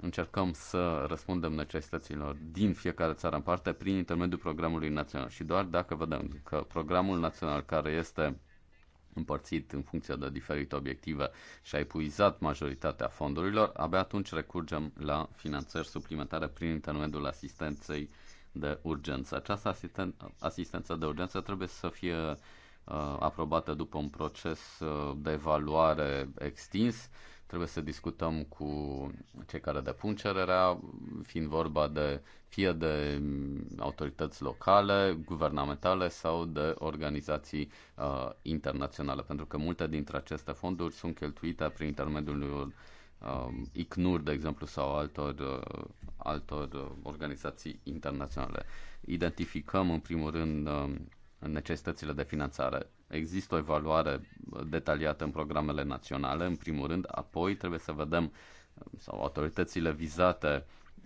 Încercăm să răspundem necesităților din fiecare țară în parte prin intermediul programului național și doar dacă vedem că programul național care este împărțit în funcție de diferite obiective și a epuizat majoritatea fondurilor, abia atunci recurgem la finanțări suplimentare prin intermediul asistenței de urgență. Această asisten- asistență de urgență trebuie să fie uh, aprobată după un proces uh, de evaluare extins Trebuie să discutăm cu cei care depun cererea, fiind vorba de fie de autorități locale, guvernamentale sau de organizații uh, internaționale, pentru că multe dintre aceste fonduri sunt cheltuite prin intermediul uh, ICNUR, de exemplu, sau altor, uh, altor uh, organizații internaționale. Identificăm, în primul rând, uh, necesitățile de finanțare există o evaluare detaliată în programele naționale, în primul rând, apoi trebuie să vedem sau autoritățile vizate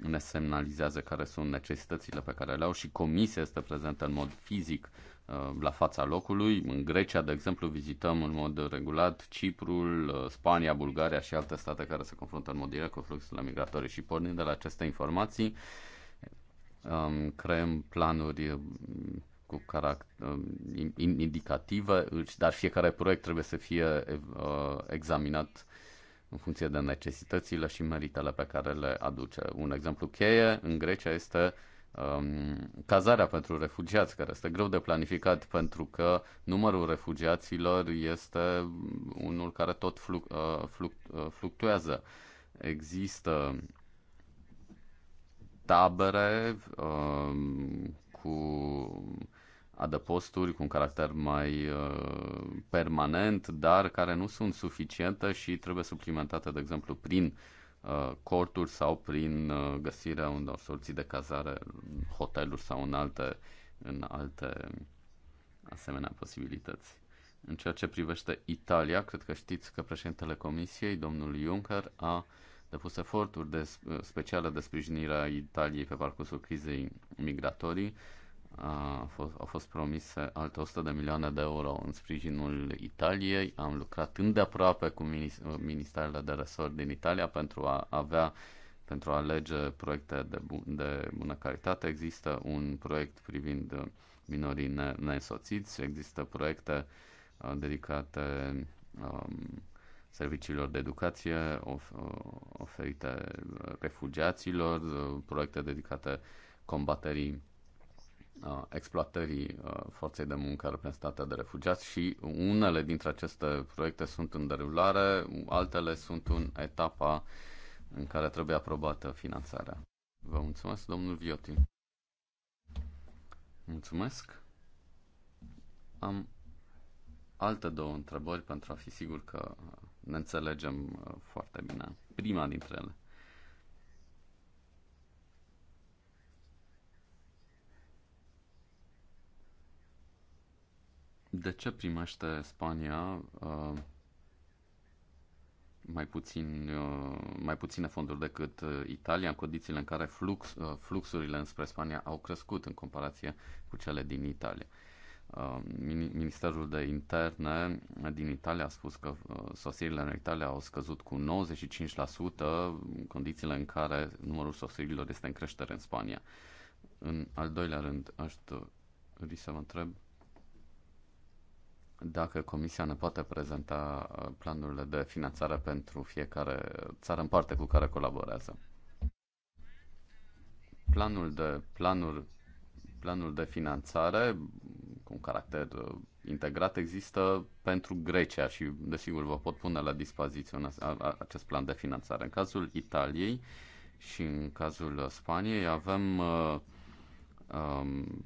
ne semnalizează care sunt necesitățile pe care le au și comisia este prezentă în mod fizic uh, la fața locului. În Grecia, de exemplu, vizităm în mod regulat Ciprul, uh, Spania, Bulgaria și alte state care se confruntă în mod direct cu fluxurile migratorii și pornind de la aceste informații um, creăm planuri um, cu caracter, um, indicativă, dar fiecare proiect trebuie să fie uh, examinat în funcție de necesitățile și meritele pe care le aduce. Un exemplu cheie în Grecia este um, cazarea pentru refugiați, care este greu de planificat pentru că numărul refugiaților este unul care tot flu, uh, flu, uh, fluctuează. Există tabere uh, cu adăposturi cu un caracter mai uh, permanent, dar care nu sunt suficiente și trebuie suplimentate, de exemplu, prin uh, corturi sau prin uh, găsirea unor sorții de cazare în hoteluri sau în alte, în alte asemenea posibilități. În ceea ce privește Italia, cred că știți că președintele Comisiei, domnul Juncker, a depus eforturi de speciale de sprijinire a Italiei pe parcursul crizei migratorii a fost, au fost promise alte 100 de milioane de euro în sprijinul Italiei. Am lucrat îndeaproape cu ministerele de resort din Italia pentru a avea pentru a alege proiecte de, bun, de bună calitate. Există un proiect privind minorii ne, nesoțiți, există proiecte uh, dedicate um, serviciilor de educație of, uh, oferite refugiaților, uh, proiecte dedicate combaterii Uh, exploatării uh, forței de muncă reprezentate de refugiați și unele dintre aceste proiecte sunt în derulare, altele sunt în etapa în care trebuie aprobată finanțarea. Vă mulțumesc, domnul Vioti. Mulțumesc. Am alte două întrebări pentru a fi sigur că ne înțelegem uh, foarte bine. Prima dintre ele. De ce primește Spania uh, mai, puțin, uh, mai puține fonduri decât uh, Italia, în condițiile în care flux, uh, fluxurile înspre Spania au crescut în comparație cu cele din Italia? Uh, Ministerul de Interne din Italia a spus că uh, sosirile în Italia au scăzut cu 95% în condițiile în care numărul sosirilor este în creștere în Spania. În al doilea rând, aș dori să vă întreb dacă Comisia ne poate prezenta uh, planurile de finanțare pentru fiecare țară în parte cu care colaborează. Planul de, planul, planul de finanțare mm, cu un caracter uh, integrat există pentru Grecia și desigur vă pot pune la dispoziție acest plan de finanțare. În cazul Italiei și în cazul Spaniei avem uh, um,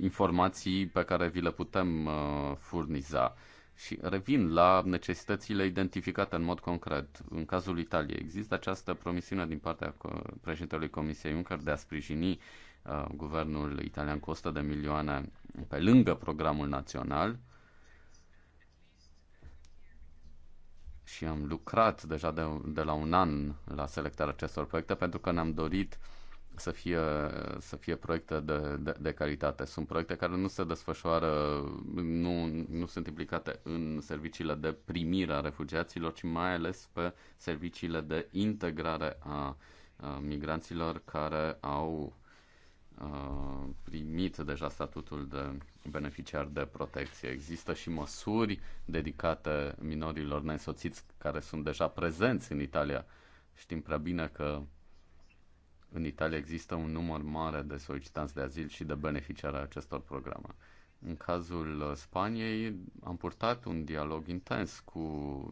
informații pe care vi le putem uh, furniza. Și revin la necesitățile identificate în mod concret. În cazul Italiei există această promisiune din partea președintelui Comisiei Juncker de a sprijini uh, guvernul italian cu 100 de milioane pe lângă programul național și am lucrat deja de, de la un an la selectarea acestor proiecte pentru că ne-am dorit uh, să fie, să fie proiecte de, de, de calitate. Sunt proiecte care nu se desfășoară, nu, nu sunt implicate în serviciile de primire a refugiaților, ci mai ales pe serviciile de integrare a, a migranților care au a, primit deja statutul de beneficiar de protecție. Există și măsuri dedicate minorilor nesoțiți care sunt deja prezenți în Italia. Știm prea bine că în Italia există un număr mare de solicitanți de azil și de beneficiari acestor programe. În cazul uh, Spaniei am purtat un dialog intens cu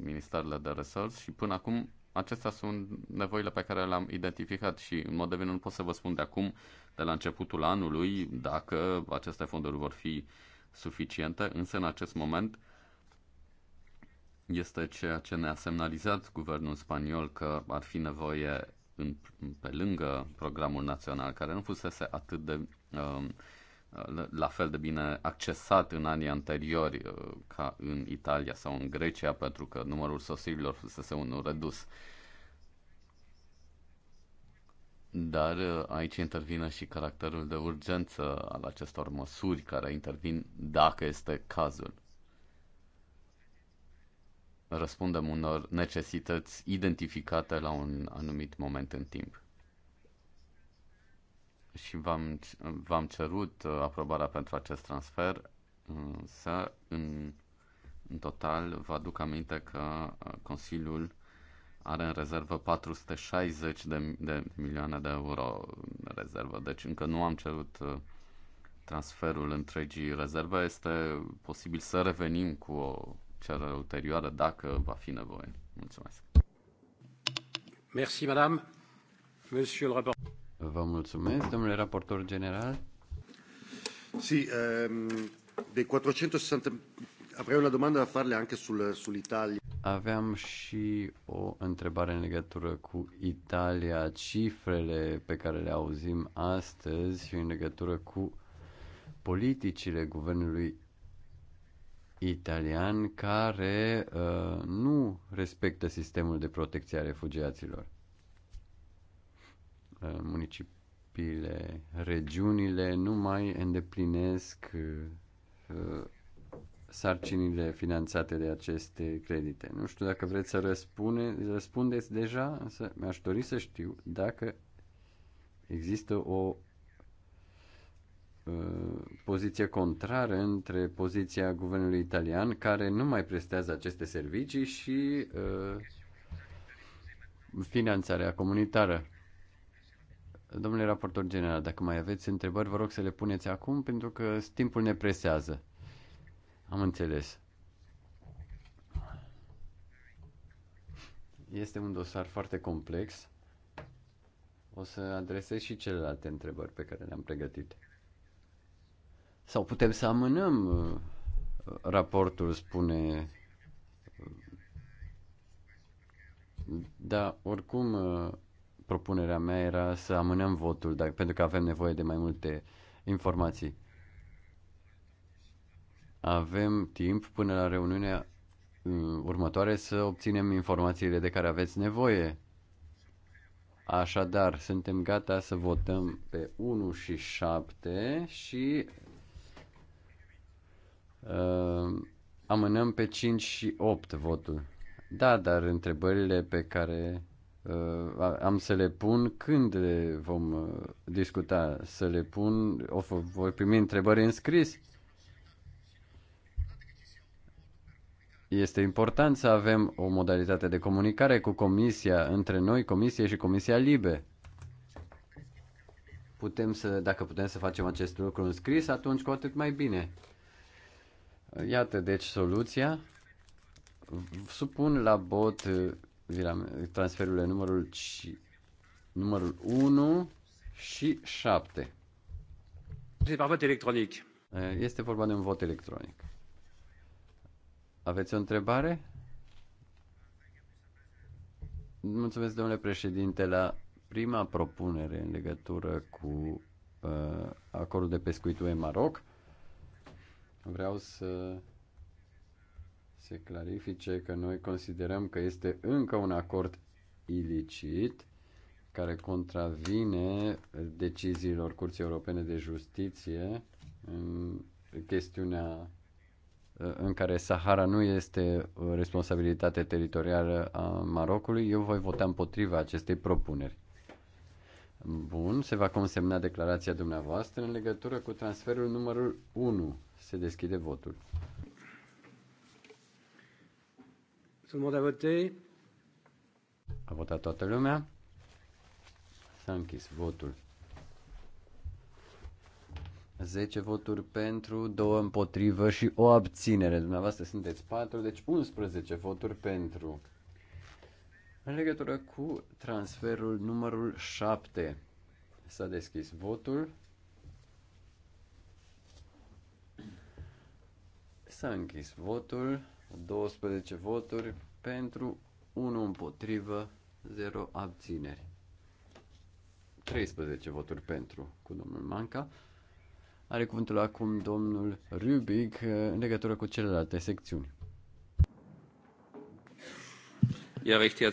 ministerele de resurs și până acum acestea sunt nevoile pe care le-am identificat și în mod evident nu pot să vă spun de acum, de la începutul anului, dacă aceste fonduri vor fi suficiente, însă în acest moment este ceea ce ne-a semnalizat guvernul spaniol că ar fi nevoie în, pe lângă programul național, care nu fusese atât de um, la fel de bine accesat în anii anteriori uh, ca în Italia sau în Grecia, pentru că numărul sosirilor fusese unul redus. Dar uh, aici intervine și caracterul de urgență al acestor măsuri care intervin dacă este cazul răspundem unor necesități identificate la un anumit moment în timp. Și v-am, v-am cerut uh, aprobarea pentru acest transfer, să în, în total vă aduc aminte că uh, Consiliul are în rezervă 460 de, de milioane de euro în rezervă, deci încă nu am cerut uh, transferul întregii rezerve. Este posibil să revenim cu o cerere ulterioară dacă va fi nevoie. Mulțumesc. Merci, madame. Monsieur le rapporteur. Vă mulțumesc, domnule raportor general. Si, um, ehm, de 460 avrei una domanda da farle anche sul, sull'Italia. Aveam și o întrebare în legătură cu Italia, cifrele pe care le auzim astăzi și în legătură cu politicile guvernului italian care uh, nu respectă sistemul de protecție a refugiaților. Uh, municipiile, regiunile nu mai îndeplinesc uh, sarcinile finanțate de aceste credite. Nu știu dacă vreți să răspune, răspundeți deja, însă mi-aș dori să știu dacă există o Uh, poziție contrară între poziția guvernului italian, care nu mai prestează aceste servicii, și uh, finanțarea comunitară. Domnule raportor general, dacă mai aveți întrebări, vă rog să le puneți acum, pentru că timpul ne presează. Am înțeles. Este un dosar foarte complex. O să adresez și celelalte întrebări pe care le-am pregătit. Sau putem să amânăm uh, raportul, spune. Uh, da, oricum uh, propunerea mea era să amânăm votul, dar, pentru că avem nevoie de mai multe informații. Avem timp până la reuniunea următoare să obținem informațiile de care aveți nevoie. Așadar, suntem gata să votăm pe 1 și 7 și uh, amânăm pe 5 și 8 votul. Da, dar întrebările pe care uh, am să le pun când le vom uh, discuta, să le pun, o voi primi întrebări în scris. Este important să avem o modalitate de comunicare cu comisia, între noi, comisie și comisia libe. Putem să, dacă putem să facem acest lucru în scris, atunci cu atât mai bine. Iată, deci, soluția. Supun la bot uh, transferurile numărul, numărul 1 și 7. Este vot electronic. Uh, este vorba de un vot electronic. Aveți o întrebare? Mulțumesc, domnule președinte. La prima propunere în legătură cu uh, acordul de pescuit UE Maroc, Vreau să se clarifice că noi considerăm că este încă un acord ilicit care contravine deciziilor Curții Europene de Justiție în chestiunea în care Sahara nu este responsabilitate teritorială a Marocului, eu voi vota împotriva acestei propuneri. Bun, se va consemna declarația dumneavoastră în legătură cu transferul numărul 1. Se deschide votul. Tout le monde a voté. A votat toată lumea. S-a închis votul. 10 voturi pentru, 2 împotrivă și o abținere. Dumneavoastră sunteți 4, deci 11 voturi pentru. În legătură cu transferul numărul 7, s-a deschis votul. S-a închis votul, 12 voturi pentru, 1 împotrivă, 0 abțineri. 13 voturi pentru cu domnul Manca. Are cuvântul acum domnul Rubic în legătură cu celelalte secțiuni. Äh,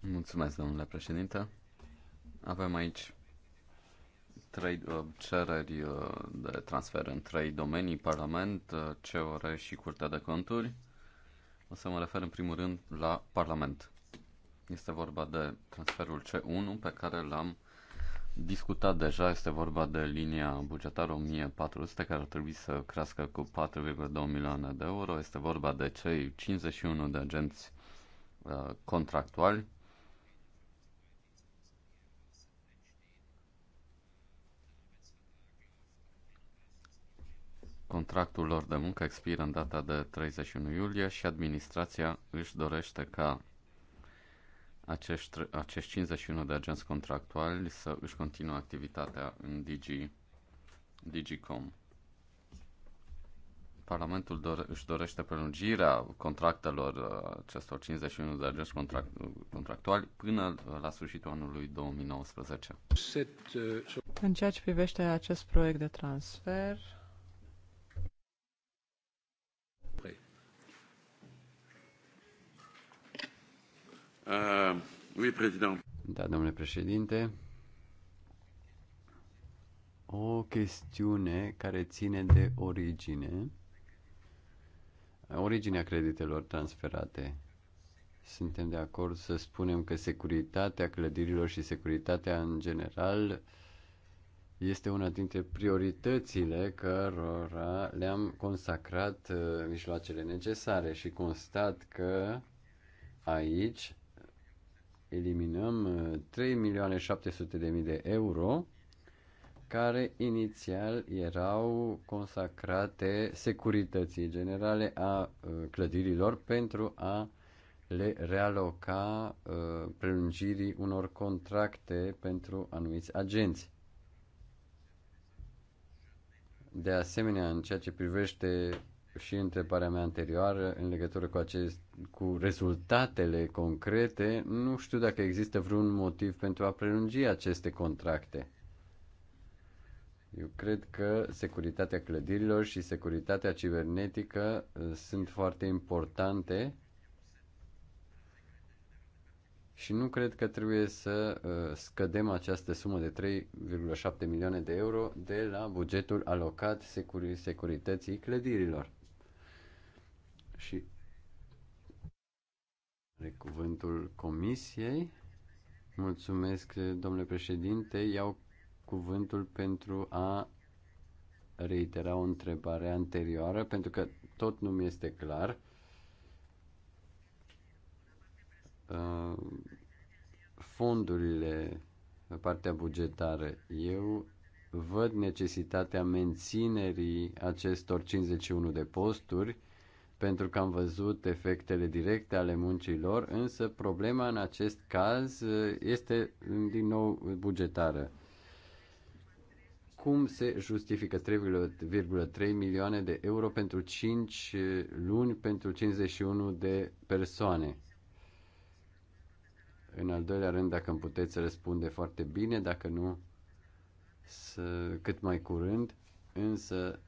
Mulțumesc, domnule președinte. Avem aici trei uh, cereri uh, de transfer în trei domenii, Parlament, uh, COR și Curtea de Conturi. O să mă refer în primul rând la Parlament. Este vorba de transferul C1 pe care l-am discutat deja, este vorba de linia bugetară 1400 care ar trebui să crească cu 4,2 milioane de euro. Este vorba de cei 51 de agenți uh, contractuali Contractul lor de muncă expiră în data de 31 iulie și administrația își dorește ca acești, acești 51 de agenți contractuali să își continuă activitatea în DG DG.com. Parlamentul dore, își dorește prelungirea contractelor uh, acestor 51 de agenți contract, contractuali până la sfârșitul anului 2019. Uh, în ceea ce privește acest proiect de transfer, oui, uh, président. Da, domnule președinte. O chestiune care ține de origine. Originea creditelor transferate. Suntem de acord să spunem că securitatea clădirilor și securitatea în general este una dintre prioritățile cărora le-am consacrat uh, mijloacele necesare și constat că aici eliminăm 3.700.000 uh, de euro care inițial erau consacrate securității generale a uh, clădirilor pentru a le realoca uh, prelungirii unor contracte pentru anumiți agenți. De asemenea, în ceea ce privește și întrebarea mea anterioară în legătură cu, acest, cu rezultatele concrete, nu știu dacă există vreun motiv pentru a prelungi aceste contracte. Eu cred că securitatea clădirilor și securitatea cibernetică uh, sunt foarte importante și nu cred că trebuie să uh, scădem această sumă de 3,7 milioane de euro de la bugetul alocat securității clădirilor și are cuvântul comisiei. Mulțumesc, domnule președinte. Iau cuvântul pentru a reitera o întrebare anterioară, pentru că tot nu mi este clar. Uh, fondurile, partea bugetară, eu văd necesitatea menținerii acestor 51 de posturi pentru că am văzut efectele directe ale muncii lor, însă problema în acest caz uh, este uh, din nou bugetară. Cum se justifică 3,3 milioane de euro pentru 5 uh, luni pentru 51 de persoane? În al doilea rând, dacă îmi puteți răspunde foarte bine, dacă nu, să, cât mai curând, însă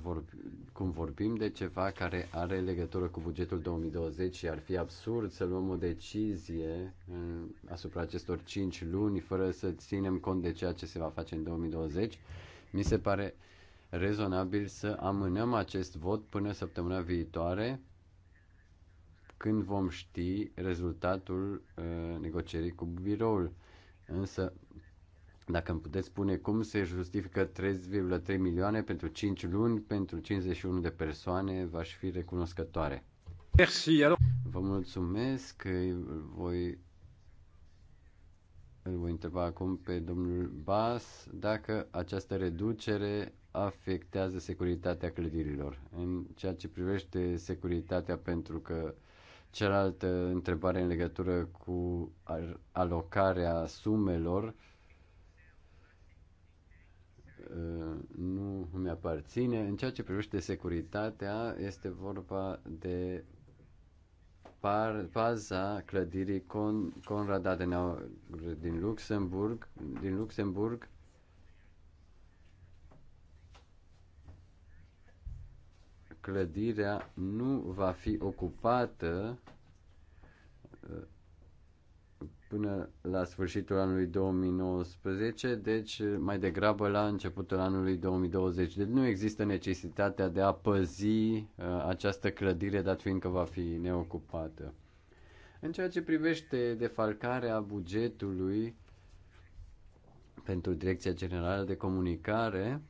vorb, cum vorbim de ceva care are legătură cu bugetul 2020 și ar fi absurd să luăm o decizie uh, asupra acestor 5 luni fără să ținem cont de ceea ce se va face în 2020, mi se pare rezonabil să amânăm acest vot până săptămâna viitoare când vom ști rezultatul uh, negocierii cu biroul. Însă dacă îmi puteți spune cum se justifică 3,3 milioane pentru 5 luni, pentru 51 de persoane, v-aș fi recunoscătoare. Merci. Vă mulțumesc. Voi îl voi întreba acum pe domnul Bas dacă această reducere afectează securitatea clădirilor. În ceea ce privește securitatea, pentru că cealaltă întrebare în legătură cu alocarea sumelor, Uh, nu îmi aparține. În ceea ce privește securitatea, este vorba de par, paza clădirii Con, Conrad Adenauer din Luxemburg, din Luxemburg clădirea nu va fi ocupată uh, până la sfârșitul anului 2019, deci mai degrabă la începutul anului 2020. Deci nu există necesitatea de a păzi uh, această clădire, dat fiindcă va fi neocupată. În ceea ce privește defalcarea bugetului pentru Direcția Generală de Comunicare,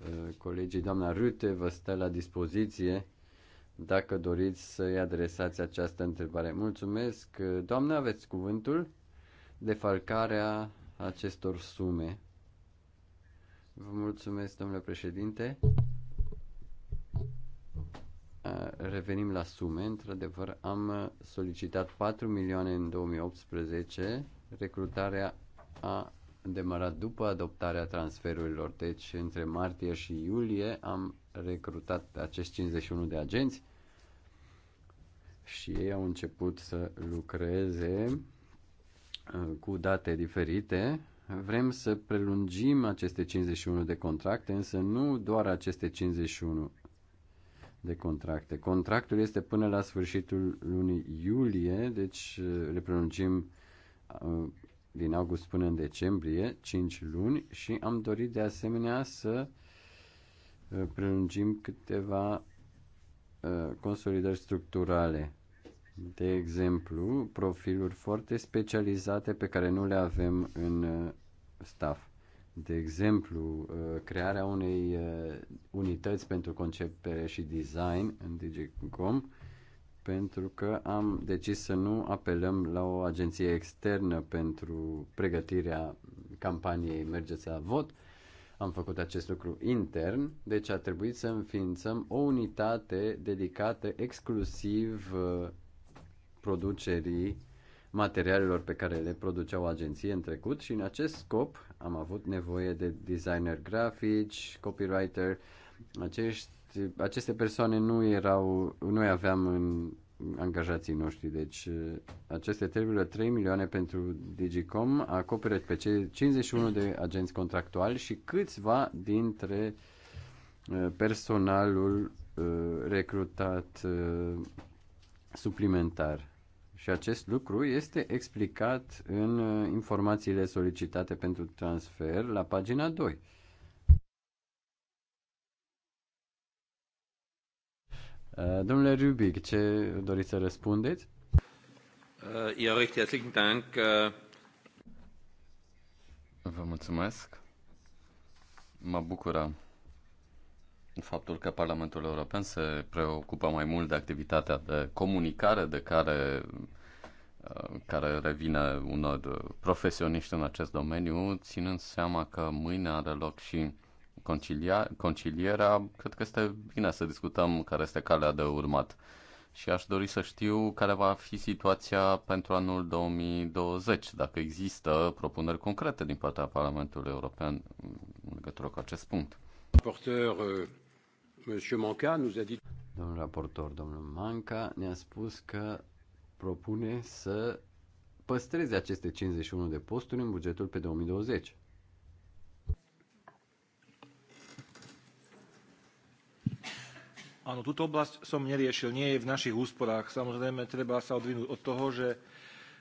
uh, colegii doamna Rute vă stă la dispoziție dacă doriți să-i adresați această întrebare. Mulțumesc. doamne, aveți cuvântul? De falcarea acestor sume. Vă mulțumesc, domnule președinte. Revenim la sume. Într-adevăr, am solicitat 4 milioane în 2018. Recrutarea a demarat după adoptarea transferurilor, deci între martie și iulie am recrutat acești 51 de agenți și ei au început să lucreze uh, cu date diferite. Vrem să prelungim aceste 51 de contracte, însă nu doar aceste 51 de contracte. Contractul este până la sfârșitul lunii iulie, deci uh, le prelungim uh, din august până în decembrie, 5 luni și am dorit de asemenea să prelungim câteva Uh, consolidări structurale. De exemplu, profiluri foarte specializate pe care nu le avem în uh, staff. De exemplu, uh, crearea unei unități pentru concepere și design în DigiCom, pentru că am decis să nu apelăm la o agenție externă pentru pregătirea campaniei Mergeți la vot, am făcut acest lucru intern, deci a trebuit să înființăm o unitate dedicată exclusiv uh, producerii materialelor pe care le produceau agenții în trecut și în acest scop am avut nevoie de designer grafici, copywriter. Acești, aceste persoane nu erau, nu aveam în angajații noștri. Deci uh, aceste 3,3 milioane pentru Digicom acoperă pe cei 51 de agenți contractuali și câțiva dintre uh, personalul uh, recrutat suplimentar. Și acest lucru este explicat în informațiile solicitate pentru transfer la pagina 2. Uh, domnule Rubic, ce doriți să răspundeți? Ja, recht herzlichen Dank. Vă mulțumesc. Mă bucură faptul că Parlamentul European se preocupă mai mult de activitatea de comunicare de care uh, care revine unor profesioniști în acest domeniu, ținând seama că mâine are loc și concilia, concilierea, cred că este bine să discutăm care este calea de urmat. Și aș dori să știu care va fi situația pentru anul 2020, dacă există propuneri concrete din partea Parlamentului European în legătură cu acest punct. Raporteur, uh, Manca, nous a dit... Domnul raportor, domnul Manca, ne-a spus că propune să păstreze aceste 51 de posturi în bugetul pe 2020. Áno, túto oblasť som neriešil, nie je v našich úsporách. Samozrejme, treba sa odvinúť od toho, že,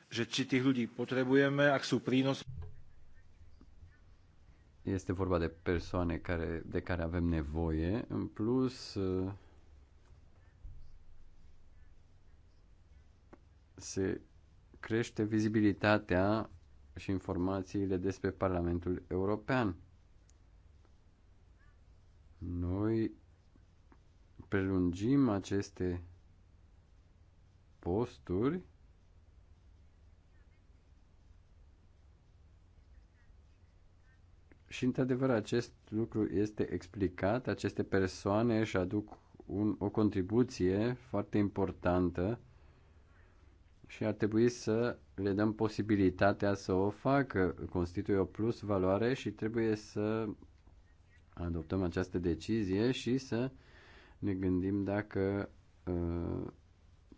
že či tých ľudí potrebujeme, ak sú prínos. Este vorba de persoane care, de care avem nevoie. În plus, se crește vizibilitatea și informațiile despre Parlamentul European. Noi prelungim aceste posturi și într-adevăr acest lucru este explicat, aceste persoane își aduc un, o contribuție foarte importantă și ar trebui să le dăm posibilitatea să o facă, constituie o plus valoare și trebuie să adoptăm această decizie și să ne gândim dacă uh,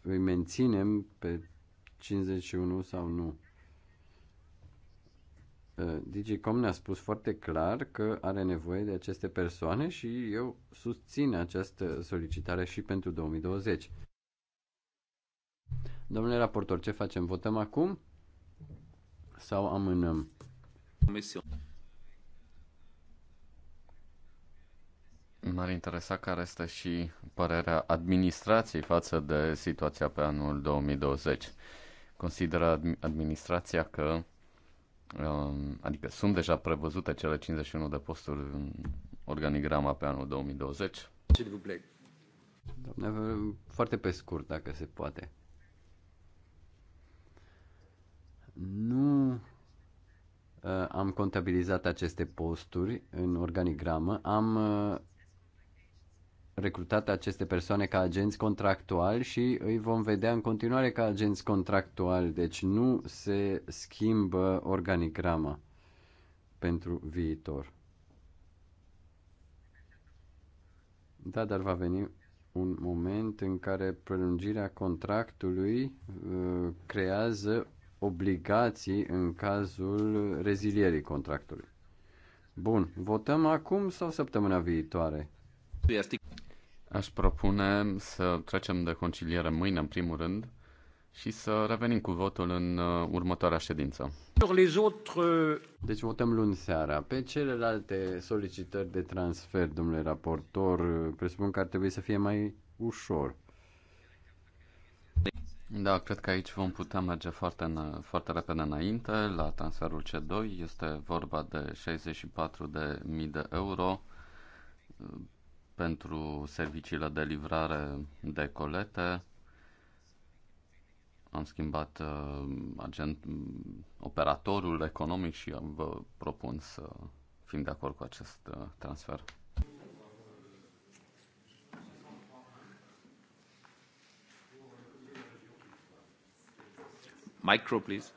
îi menținem pe 51 sau nu. Uh, Digicom ne-a spus foarte clar că are nevoie de aceste persoane și eu susțin această solicitare și pentru 2020. Domnule raportor, ce facem? Votăm acum sau amânăm? Comisiune. M-ar interesa care este și părerea administrației față de situația pe anul 2020. Consideră administrația că, um, adică sunt deja prevăzute cele 51 de posturi în organigrama pe anul 2020? Ce Doamne, foarte pe scurt, dacă se poate. Nu uh, am contabilizat aceste posturi în organigramă, am uh, recrutat aceste persoane ca agenți contractuali și îi vom vedea în continuare ca agenți contractuali, deci nu se schimbă organigrama pentru viitor. Da, dar va veni un moment în care prelungirea contractului uh, creează obligații în cazul rezilierii contractului. Bun, votăm acum sau săptămâna viitoare? Aș propune să trecem de conciliere mâine, în primul rând, și să revenim cu votul în uh, următoarea ședință. Uh, deci votăm luni seara. Pe celelalte solicitări de transfer, domnule raportor, uh, presupun că ar trebui să fie mai ușor. Da, cred că aici vom putea merge foarte, în, foarte repede înainte la transferul C2. Este vorba de 64.000 de, de euro pentru serviciile de livrare de colete. Am schimbat uh, agent, operatorul economic și vă propun să fim de acord cu acest uh, transfer. Micro, please.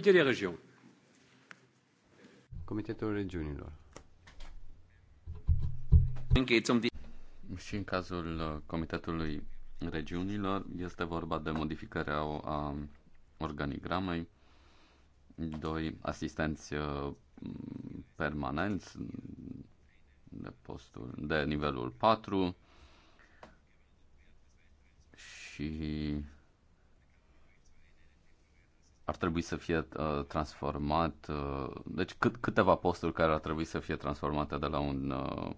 de regiuni. Comitetul regiunilor. Și în cazul uh, Comitetului Regiunilor este vorba de modificarea a organigramei, doi asistenți uh, permanenți de postul de nivelul 4 și ar trebui să fie uh, transformat, uh, deci cât, câteva posturi care ar trebui să fie transformate de la un uh,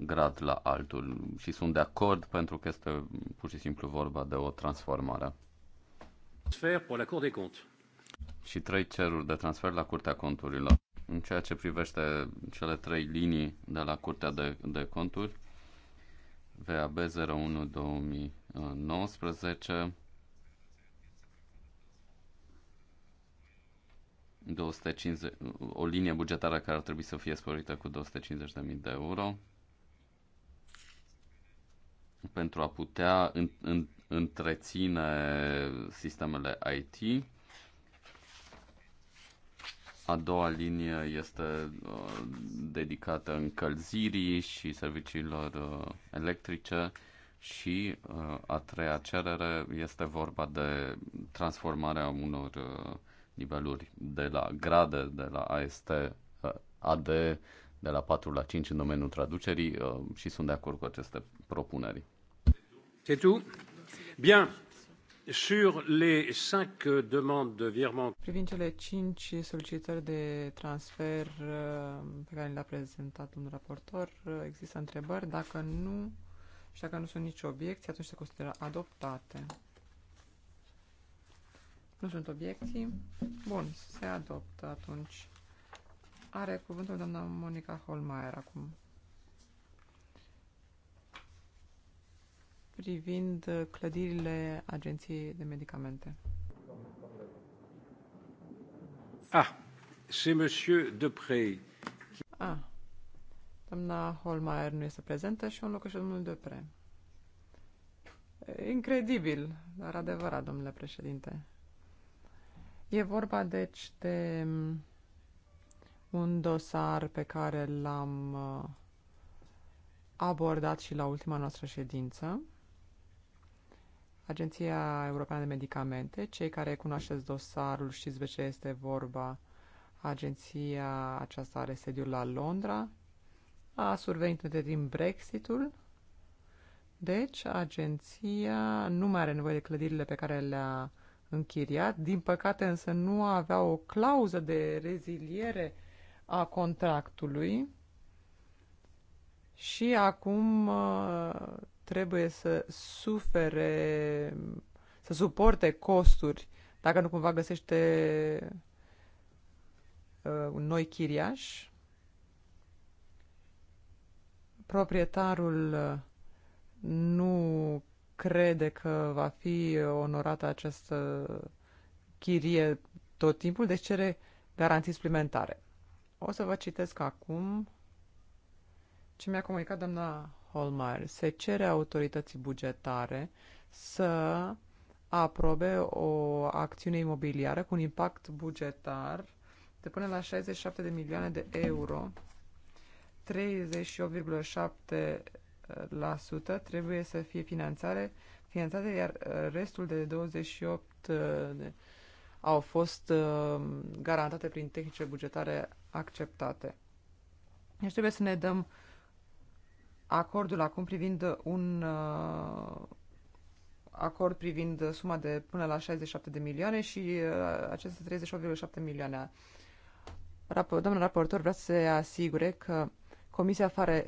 grad la altul și sunt de acord pentru că este pur și simplu vorba de o transformare. la Și trei ceruri de transfer la Curtea Conturilor. În ceea ce privește cele trei linii de la Curtea de, de Conturi, VAB 01 2019, 250, o linie bugetară care ar trebui să fie sporită cu 250.000 de euro, pentru a putea în, în, întreține sistemele IT. A doua linie este uh, dedicată încălzirii și serviciilor uh, electrice și uh, a treia cerere este vorba de transformarea unor uh, niveluri de la grade, de la AST, uh, AD, de la 4 la 5 în domeniul traducerii uh, și sunt de acord cu aceste propuneri. C'est tout Bien. Sur les cinq demandes de virement. Privind cele cinci solicitări de transfer uh, pe care le-a prezentat domnul raportor, uh, există întrebări. Dacă nu, și dacă nu sunt nici obiecții, atunci se consideră adoptate. Nu sunt obiecții. Bun, se adoptă atunci. Are cuvântul doamna Monica Holmeier acum. privind uh, clădirile Agenției de Medicamente. Ah, c'est Monsieur Depré. Ah, doamna Holmeier nu este prezentă și o înlocuiește domnul Depré. Incredibil, dar adevărat, domnule președinte. E vorba, deci, de mm, un dosar pe care l-am uh, abordat și la ultima noastră ședință. Agenția Europeană de Medicamente. Cei care cunoașteți dosarul știți de ce este vorba. Agenția aceasta are sediul la Londra. A survenit între timp Brexitul. Deci, agenția nu mai are nevoie de clădirile pe care le-a închiriat. Din păcate, însă, nu avea o clauză de reziliere a contractului. Și acum trebuie să sufere, să suporte costuri dacă nu cumva găsește uh, un noi chiriaș. Proprietarul uh, nu crede că va fi onorată această chirie tot timpul, deci cere garanții suplimentare. O să vă citesc acum ce mi-a comunicat doamna Holmeier, se cere autorității bugetare să aprobe o acțiune imobiliară cu un impact bugetar de până la 67 de milioane de euro. 38,7% trebuie să fie finanțare, finanțate, iar uh, restul de 28 uh, au fost uh, garantate prin tehnice bugetare acceptate. Deci trebuie să ne dăm uh, acordul acum privind un uh, acord privind suma de până la 67 de milioane și uh, aceste 38,7 milioane. Rapo- doamna raportor vrea să se asigure că Comisia face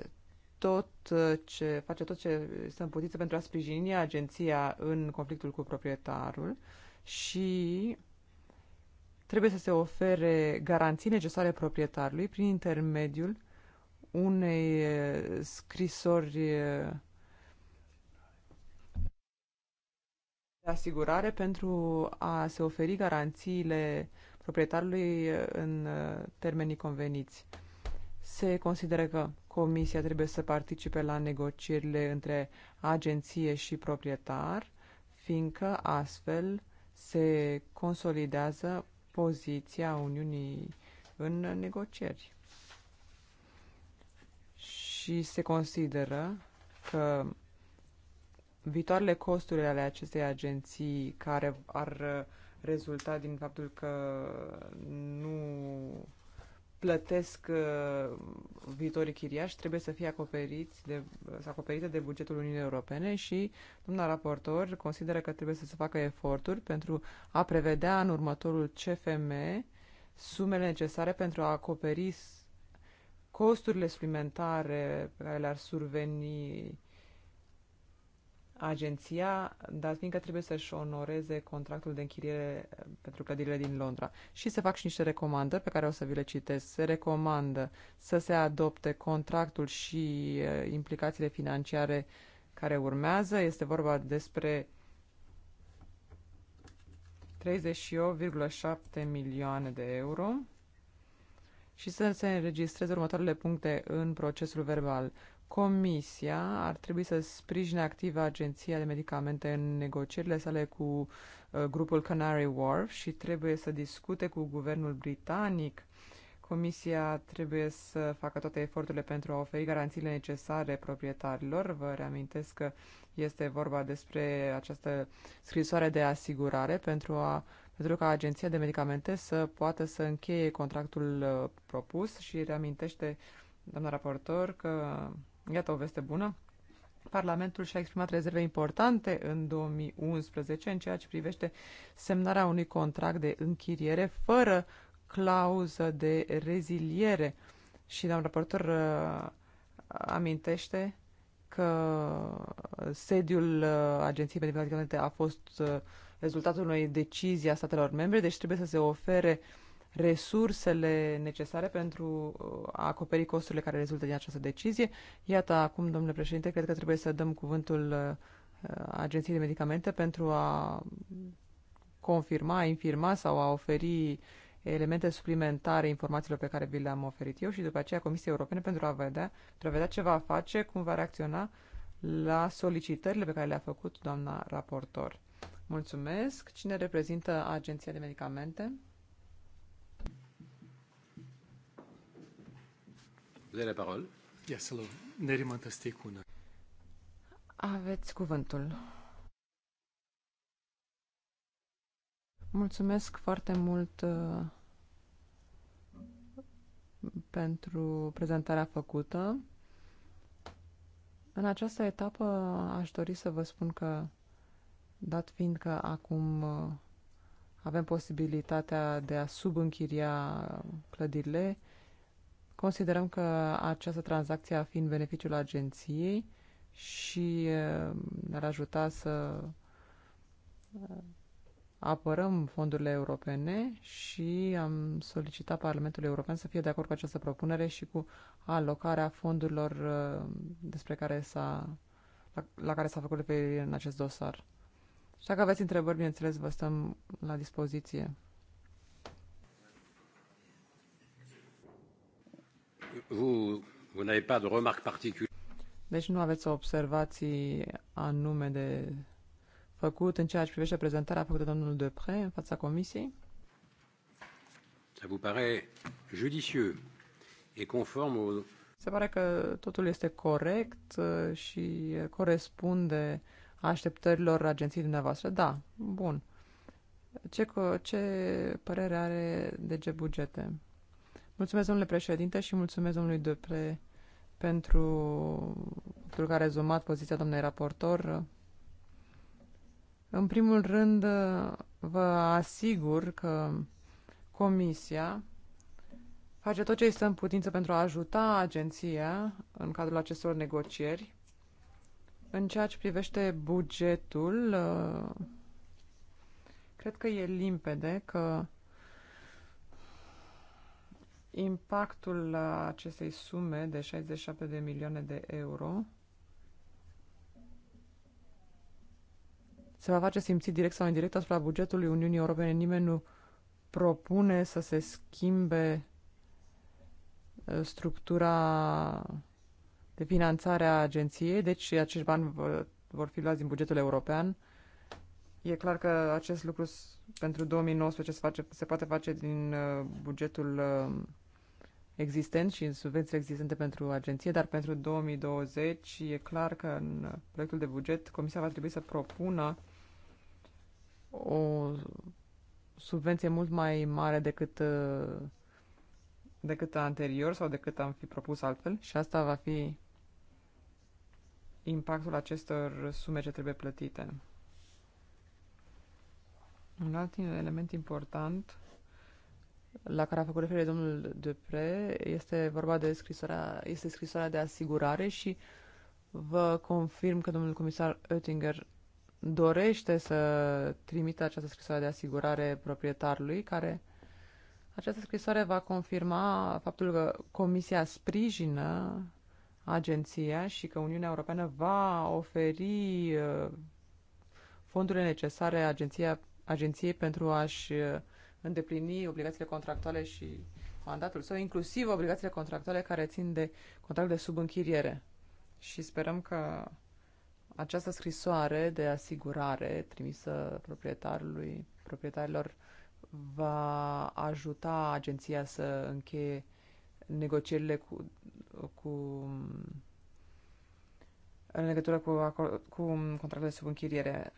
tot uh, ce, face tot ce stă în putință pentru a sprijini agenția în conflictul cu proprietarul și trebuie să se ofere garanții necesare proprietarului prin intermediul uh, unei eh, scrisori eh, de asigurare pentru a se oferi garanțiile proprietarului eh, în termenii conveniți. Se consideră că comisia trebuie să participe la negocierile între agenție și proprietar, fiindcă astfel se consolidează poziția Uniunii în negocieri și se consideră că viitoarele costuri ale acestei agenții care ar rezulta din faptul că nu plătesc uh, viitorii chiriași trebuie să fie acoperiți de, să acoperite de bugetul Uniunii Europene și doamna raportor consideră că trebuie să se facă eforturi pentru a prevedea în următorul CFM sumele necesare pentru a acoperi costurile suplimentare pe care le-ar surveni agenția, dar fiindcă trebuie să-și onoreze contractul de închiriere pentru clădirile din Londra. Și se fac și niște recomandări pe care o să vi le citesc. Se recomandă să se adopte contractul și implicațiile financiare care urmează. Este vorba despre 38,7 milioane de euro și să se înregistreze următoarele puncte în procesul verbal. Comisia ar trebui să sprijine activ Agenția de Medicamente în negocierile sale cu uh, grupul Canary Wharf și trebuie să discute cu guvernul britanic. Comisia trebuie să facă toate eforturile pentru a oferi garanțiile necesare proprietarilor. Vă reamintesc că este vorba despre această scrisoare de asigurare pentru a pentru ca Agenția de Medicamente să poată să încheie contractul uh, propus și reamintește, doamna raportor, că iată o veste bună. Parlamentul și-a exprimat rezerve importante în 2011 în ceea ce privește semnarea unui contract de închiriere fără clauză de reziliere. Și doamna raportor uh, amintește că sediul uh, Agenției Medicamente a fost uh, rezultatul unei decizii a statelor membre, deci trebuie să se ofere resursele necesare pentru uh, a acoperi costurile care rezultă din această decizie. Iată, acum, domnule președinte, cred că trebuie să dăm cuvântul uh, Agenției de Medicamente pentru a confirma, a infirma sau a oferi elemente suplimentare informațiilor pe care vi le-am oferit eu și după aceea Comisia Europene pentru a vedea, pentru a vedea ce va face, cum va reacționa la solicitările pe care le-a făcut doamna raportor. Mulțumesc. Cine reprezintă Agenția de Medicamente? Vă la parole. Yes, hello. Nerima Tăsticuna. Aveți cuvântul. Mulțumesc foarte mult uh, pentru prezentarea făcută. În această etapă aș dori să vă spun că dat fiind că acum uh, avem posibilitatea de a subînchiria clădirile, considerăm că această tranzacție a fi în beneficiul agenției și uh, ne-ar ajuta să uh, apărăm fondurile europene și am solicitat Parlamentului European să fie de acord cu această propunere și cu alocarea fondurilor despre care s-a, la, la care s-a făcut referire în acest dosar. Și dacă aveți întrebări, bineînțeles, vă stăm la dispoziție. Deci nu aveți observații anume de făcut în ceea ce privește prezentarea făcută de domnul Depre în fața comisiei? Ça vous paraît judicieux et conforme au... Se pare că totul este corect uh, și corespunde așteptărilor agenției dumneavoastră? Da, bun. Ce, ce părere are DG Bugete? Mulțumesc, domnule președinte, și mulțumesc domnului Dupre pentru pentru că a rezumat poziția domnului raportor. În primul rând, vă asigur că Comisia face tot ce este în putință pentru a ajuta agenția în cadrul acestor negocieri în ceea ce privește bugetul, uh, cred că e limpede că impactul acestei sume de 67 de milioane de euro se va face simțit direct sau indirect asupra bugetului Uniunii Europene. Nimeni nu propune să se schimbe uh, structura de finanțare a agenției, deci acești bani vor fi luați din bugetul european. E clar că acest lucru pentru 2019 se, face, se poate face din uh, bugetul uh, existent și în subvenții existente pentru agenție, dar pentru 2020 e clar că în proiectul de buget Comisia va trebui să propună o subvenție mult mai mare decât, uh, decât anterior sau decât am fi propus altfel și asta va fi impactul acestor sume ce trebuie plătite. Un alt element important la care a făcut referire domnul Depre este vorba de scrisoarea, este scrisoarea de asigurare și vă confirm că domnul comisar Oettinger dorește să trimită această scrisoare de asigurare proprietarului, care această scrisoare va confirma faptul că comisia sprijină agenția și că Uniunea Europeană va oferi uh, fondurile necesare agenția, agenției pentru a-și uh, îndeplini obligațiile contractuale și mandatul său, inclusiv obligațiile contractuale care țin de contract de subînchiriere. Și sperăm că această scrisoare de asigurare trimisă proprietarului, proprietarilor va ajuta agenția să încheie negocierile cu, cu în legătură cu, cu contractele sub închiriere.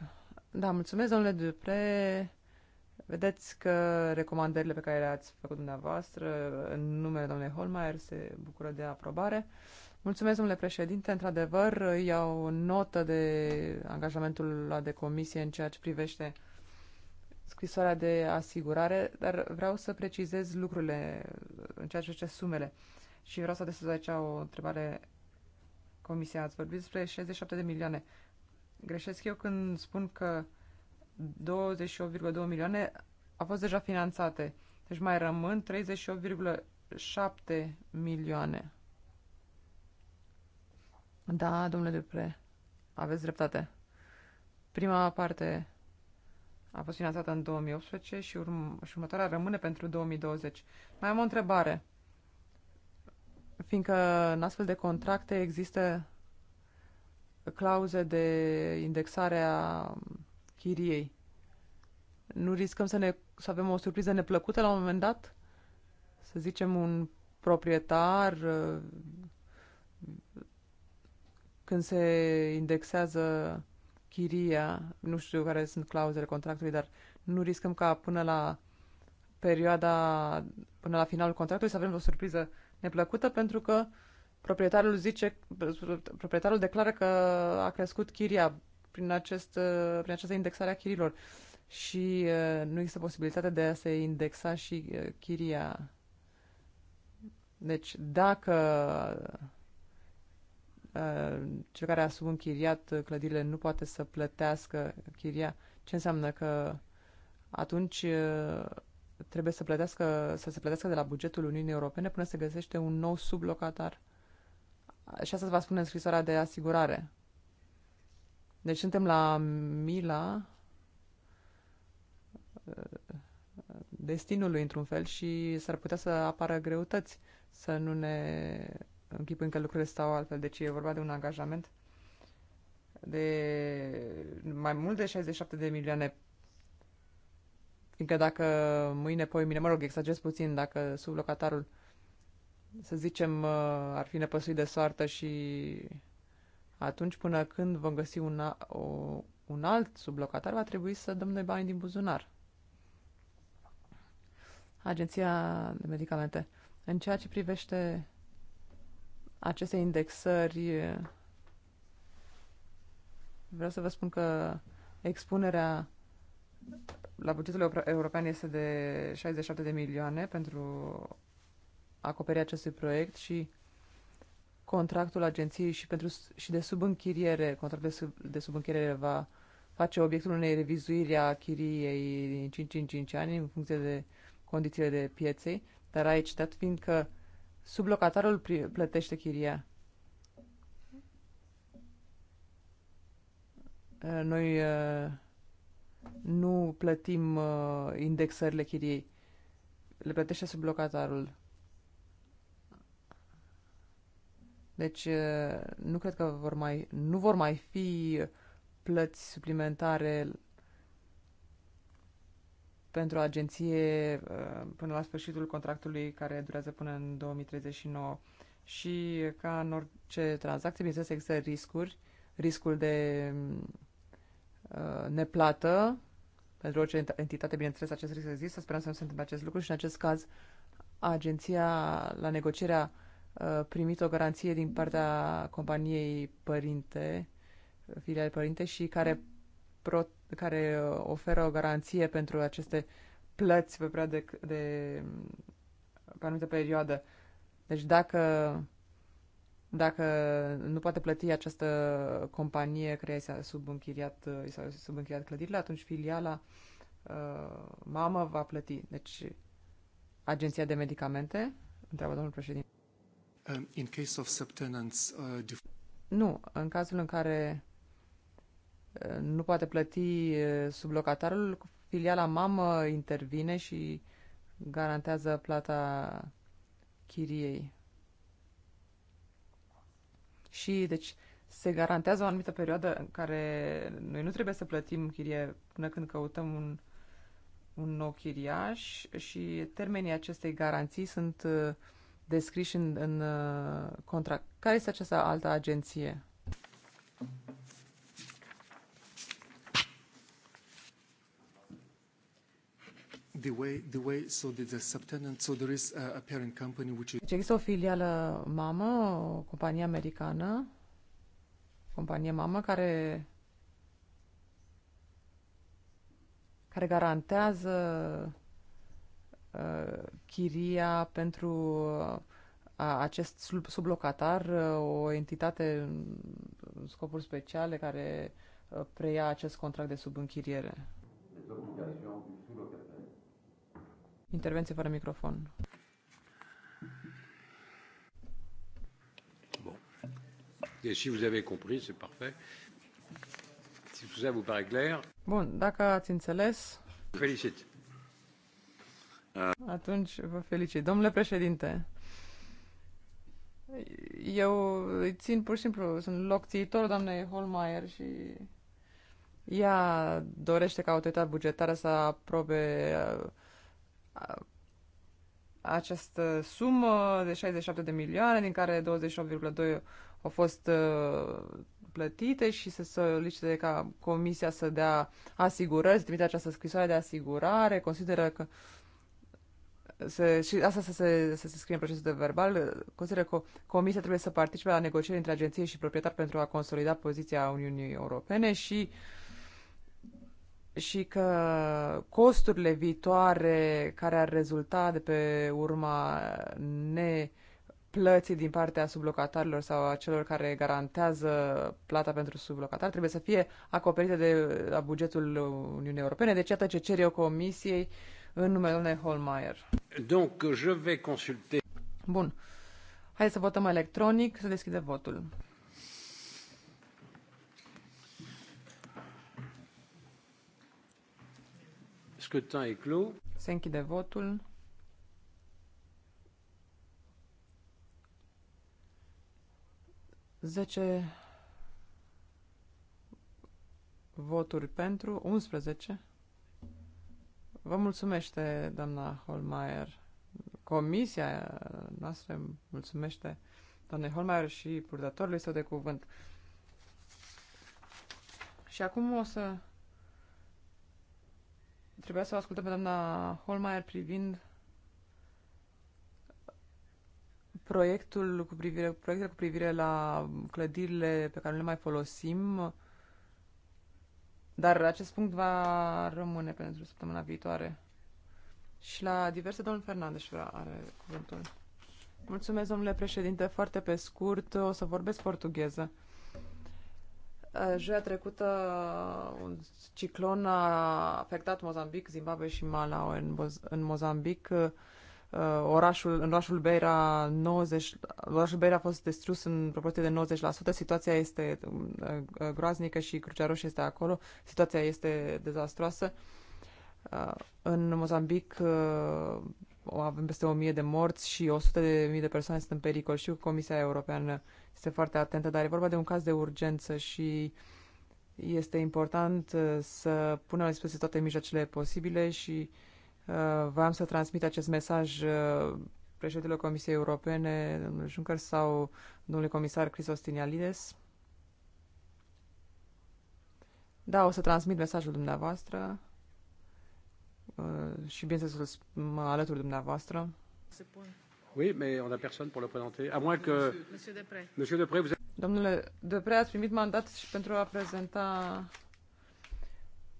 Da, mulțumesc, domnule Dupre. Vedeți că recomandările pe care le-ați făcut dumneavoastră în numele domnului Holmeier se bucură de aprobare. Mulțumesc, domnule președinte. Într-adevăr, iau notă de angajamentul la de comisie în ceea ce privește uh, scrisoarea de asigurare, dar vreau să precizez lucrurile în ceea ce privește sumele. Și vreau să adresez aici o întrebare comisia. Ați vorbit despre 67 de milioane. Greșesc eu când spun că 28,2 milioane au fost deja finanțate. Deci mai rămân 38,7 milioane. Da, domnule Dupre, aveți dreptate. Prima parte a fost finanțată în 2018 și, urm- și următoarea rămâne pentru 2020. Mai am o întrebare. Fiindcă în astfel de contracte există clauze de indexare a chiriei. Nu riscăm să, ne, să avem o surpriză neplăcută la un moment dat? Să zicem un proprietar uh, când se indexează chiria, nu știu care sunt clauzele contractului, dar nu riscăm ca până la perioada, până la finalul contractului să avem o surpriză neplăcută pentru că proprietarul zice, proprietarul declară că a crescut chiria prin, acest, prin această indexare a chirilor și nu există posibilitatea de a se indexa și chiria. Deci dacă Uh, cel care a subînchiriat clădirile nu poate să plătească chiria, ce înseamnă că atunci uh, trebuie să, plătească, să se plătească de la bugetul Uniunii Europene până se găsește un nou sublocatar. Și asta se va spune în scrisoarea de asigurare. Deci suntem la mila uh, destinului, într-un fel, și s-ar putea să apară greutăți, să nu ne închipând că lucrurile stau altfel. Deci e vorba de un angajament de mai mult de 67 de milioane fiindcă dacă mâine, poi mine, mă rog, exagerez puțin, dacă sublocatarul, să zicem, uh, ar fi nepăsuit de soartă și atunci până când vom găsi una, o, un alt sublocatar, va trebui să dăm noi bani din buzunar. Agenția de Medicamente. În ceea ce privește aceste indexări, vreau să vă spun că expunerea la bugetul european este de 67 de milioane pentru acoperirea acestui proiect și contractul agenției și, pentru, și de subînchiriere, contractul de, sub, de subînchiriere va face obiectul unei revizuiri a chiriei din 5 în 5 ani în funcție de condițiile de pieței, dar aici, dat fiind că sublocatarul plătește chiria. Uh, noi uh, nu plătim uh, indexările chiriei. Le plătește sublocatarul. Deci nu cred că vor mai, nu vor mai fi plăți suplimentare pentru agenție uh, până la sfârșitul contractului care durează până în 2039 și ca în orice tranzacție, bineînțeles, există riscuri, riscul de uh, neplată pentru orice entitate, bineînțeles, acest risc există, sperăm să nu se întâmple acest lucru și în acest caz agenția la negocierea uh, primit o garanție din partea companiei părinte, filiale părinte și care prot care uh, oferă o garanție pentru aceste plăți pe prea de, de pe anumită perioadă. Deci dacă, dacă nu poate plăti această companie care i s-a subînchiriat, uh, i s-a subînchiriat clădirile, atunci filiala uh, mamă va plăti. Deci agenția de medicamente, întreabă domnul președinte. Um, in case of subtenants, nu, în cazul în care nu poate plăti sublocatarul, filiala mamă intervine și garantează plata chiriei. Și, deci, se garantează o anumită perioadă în care noi nu trebuie să plătim chirie până când căutăm un, un nou chiriaș și termenii acestei garanții sunt descriși în, în contract. Care este această altă agenție? the way, the way, so the, the subtenant, so there is a, a parent company which is... Deci există o filială mamă, o companie americană, companie mamă care care garantează uh, chiria pentru uh, acest sublocatar, uh, o entitate în scopuri speciale care uh, preia acest contract de subînchiriere. Intervenție fără microfon. Bon. Et si vous avez compris, c'est parfait. Si tout ça vous paraît clair. Bun, dacă ați înțeles. Felicit. Ah. Atunci vă felicit. Domnule președinte, eu îi țin pur și simplu, sunt locțiitor doamnei Holmeier și ea dorește ca autoritatea bugetară să aprobe această sumă de 67 de milioane, din care 28,2 au fost uh, plătite și se solicite ca comisia să dea asigurări, să trimite această scrisoare de asigurare, consideră că se, și asta să se, să se scrie în procesul de verbal, consideră că Comisia trebuie să participe la negocieri între agenție și proprietar pentru a consolida poziția Uniunii Europene și uh, și că costurile viitoare care ar rezulta de pe urma neplății din partea sublocatarilor sau a celor care garantează plata pentru sublocatar trebuie să fie acoperite de la bugetul Uniunii Europene. Deci iată ce cer eu Comisiei în numele doamnei Holmeier. Donc, je vais consulter. Bun. Hai să votăm electronic, să deschide votul. Scrutin e clos. Se închide votul. Zece voturi pentru, 11. Vă mulțumește, doamna Holmeier. Comisia noastră mulțumește doamne Holmeier și purtătorului său de cuvânt. Și acum o să Trebuia să o ascultăm pe doamna Holmeier privind proiectul cu privire, proiectele cu privire la clădirile pe care nu le mai folosim, dar acest punct va rămâne pentru săptămâna viitoare. Și la diverse, domnul Fernandes are cuvântul. Mulțumesc, domnule președinte, foarte pe scurt, o să vorbesc portugheză. Eh, joia trecută, eh, un ciclon a afectat Mozambic, Zimbabwe și Malau. În, Boz- în Mozambic, eh, orașul, în orașul Beira, 90, orașul Beira a fost distrus în proporție de 90%. Situația este groaznică și Crucea Roșie este acolo. Situația este dezastroasă. În Mozambic, avem peste 1000 de morți și 100.000 de mii de persoane sunt în pericol. Știu că Comisia Europeană este foarte atentă, dar e vorba de un caz de urgență și este important uh, să punem la dispoziție toate mijloacele posibile și uh, v-am să transmit acest mesaj uh, președintele Comisiei Europene, domnul Juncker sau domnul comisar Christos Tinialides. Da, o să transmit mesajul dumneavoastră. Uh, și bine să mă alătur dumneavoastră. Oui, mais on a personne pour le présenter, à moins que... Monsieur Depré. Monsieur Depré, vous... avez... Domnule Depré, ați primit mandat și pentru a prezenta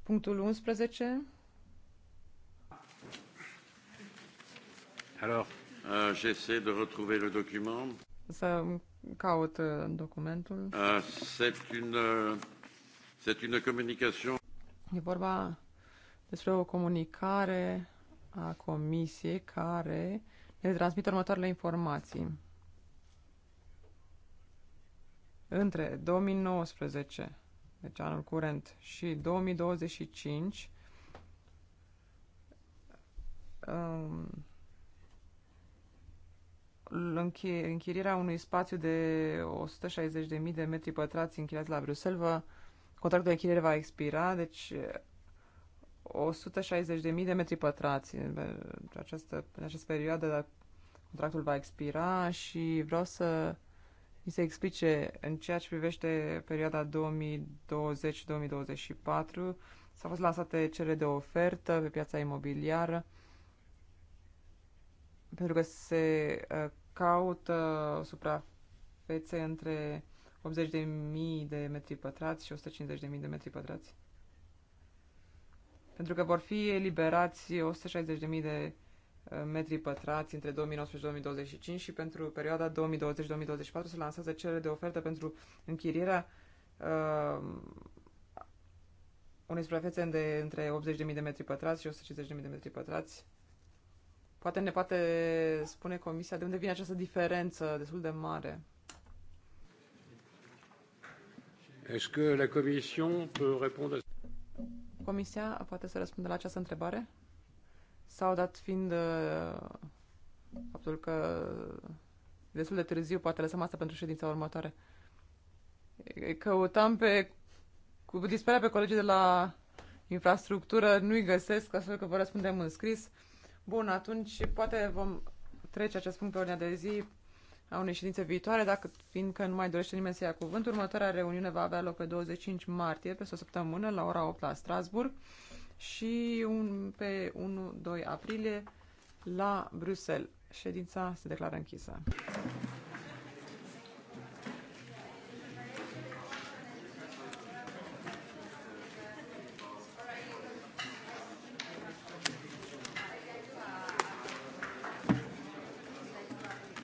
punctul 11. Alors, euh, j'essaie de retrouver le document. Să caut uh, documentul. Uh, c'est une, uh, c'est une communication. E vorba despre o comunicare a comisiei care ne transmite următoarele informații. Între 2019, deci anul curent, și 2025, um, închirierea unui spațiu de 160.000 de metri pătrați închiriați la Bruxelles, va, contractul de închiriere va expira, deci 160.000 de metri pătrați în această, în această perioadă, dar contractul va expira și vreau să mi se explice în ceea ce privește perioada 2020-2024. S-au fost lansate cele de ofertă pe piața imobiliară pentru că se ă, caută suprafețe între 80.000 de metri pătrați și 150.000 de metri pătrați pentru că vor fi eliberați 160.000 de uh, metri pătrați între 2019-2025 și pentru perioada 2020-2024 se lansează cerere de ofertă pentru închirierea uh, unei suprafețe de între 80.000 de metri pătrați și 150.000 de metri pătrați. Poate ne poate spune Comisia de unde vine această diferență destul de mare. Est-ce que la Commission peut répondre à Comisia poate să răspundă la această întrebare? Sau dat fiind uh, faptul că destul de târziu, poate lăsăm asta pentru ședința următoare. Căutam pe, cu disperarea pe colegii de la infrastructură, nu-i găsesc, astfel că vă răspundem în scris. Bun, atunci poate vom trece acest punct pe ordinea de zi a unei ședințe viitoare, dacă fiindcă nu mai dorește nimeni să ia cuvânt, următoarea reuniune va avea loc pe 25 martie, peste o săptămână, la ora 8 la Strasburg și un, pe 1-2 aprilie la Bruxelles. Ședința se declară închisă.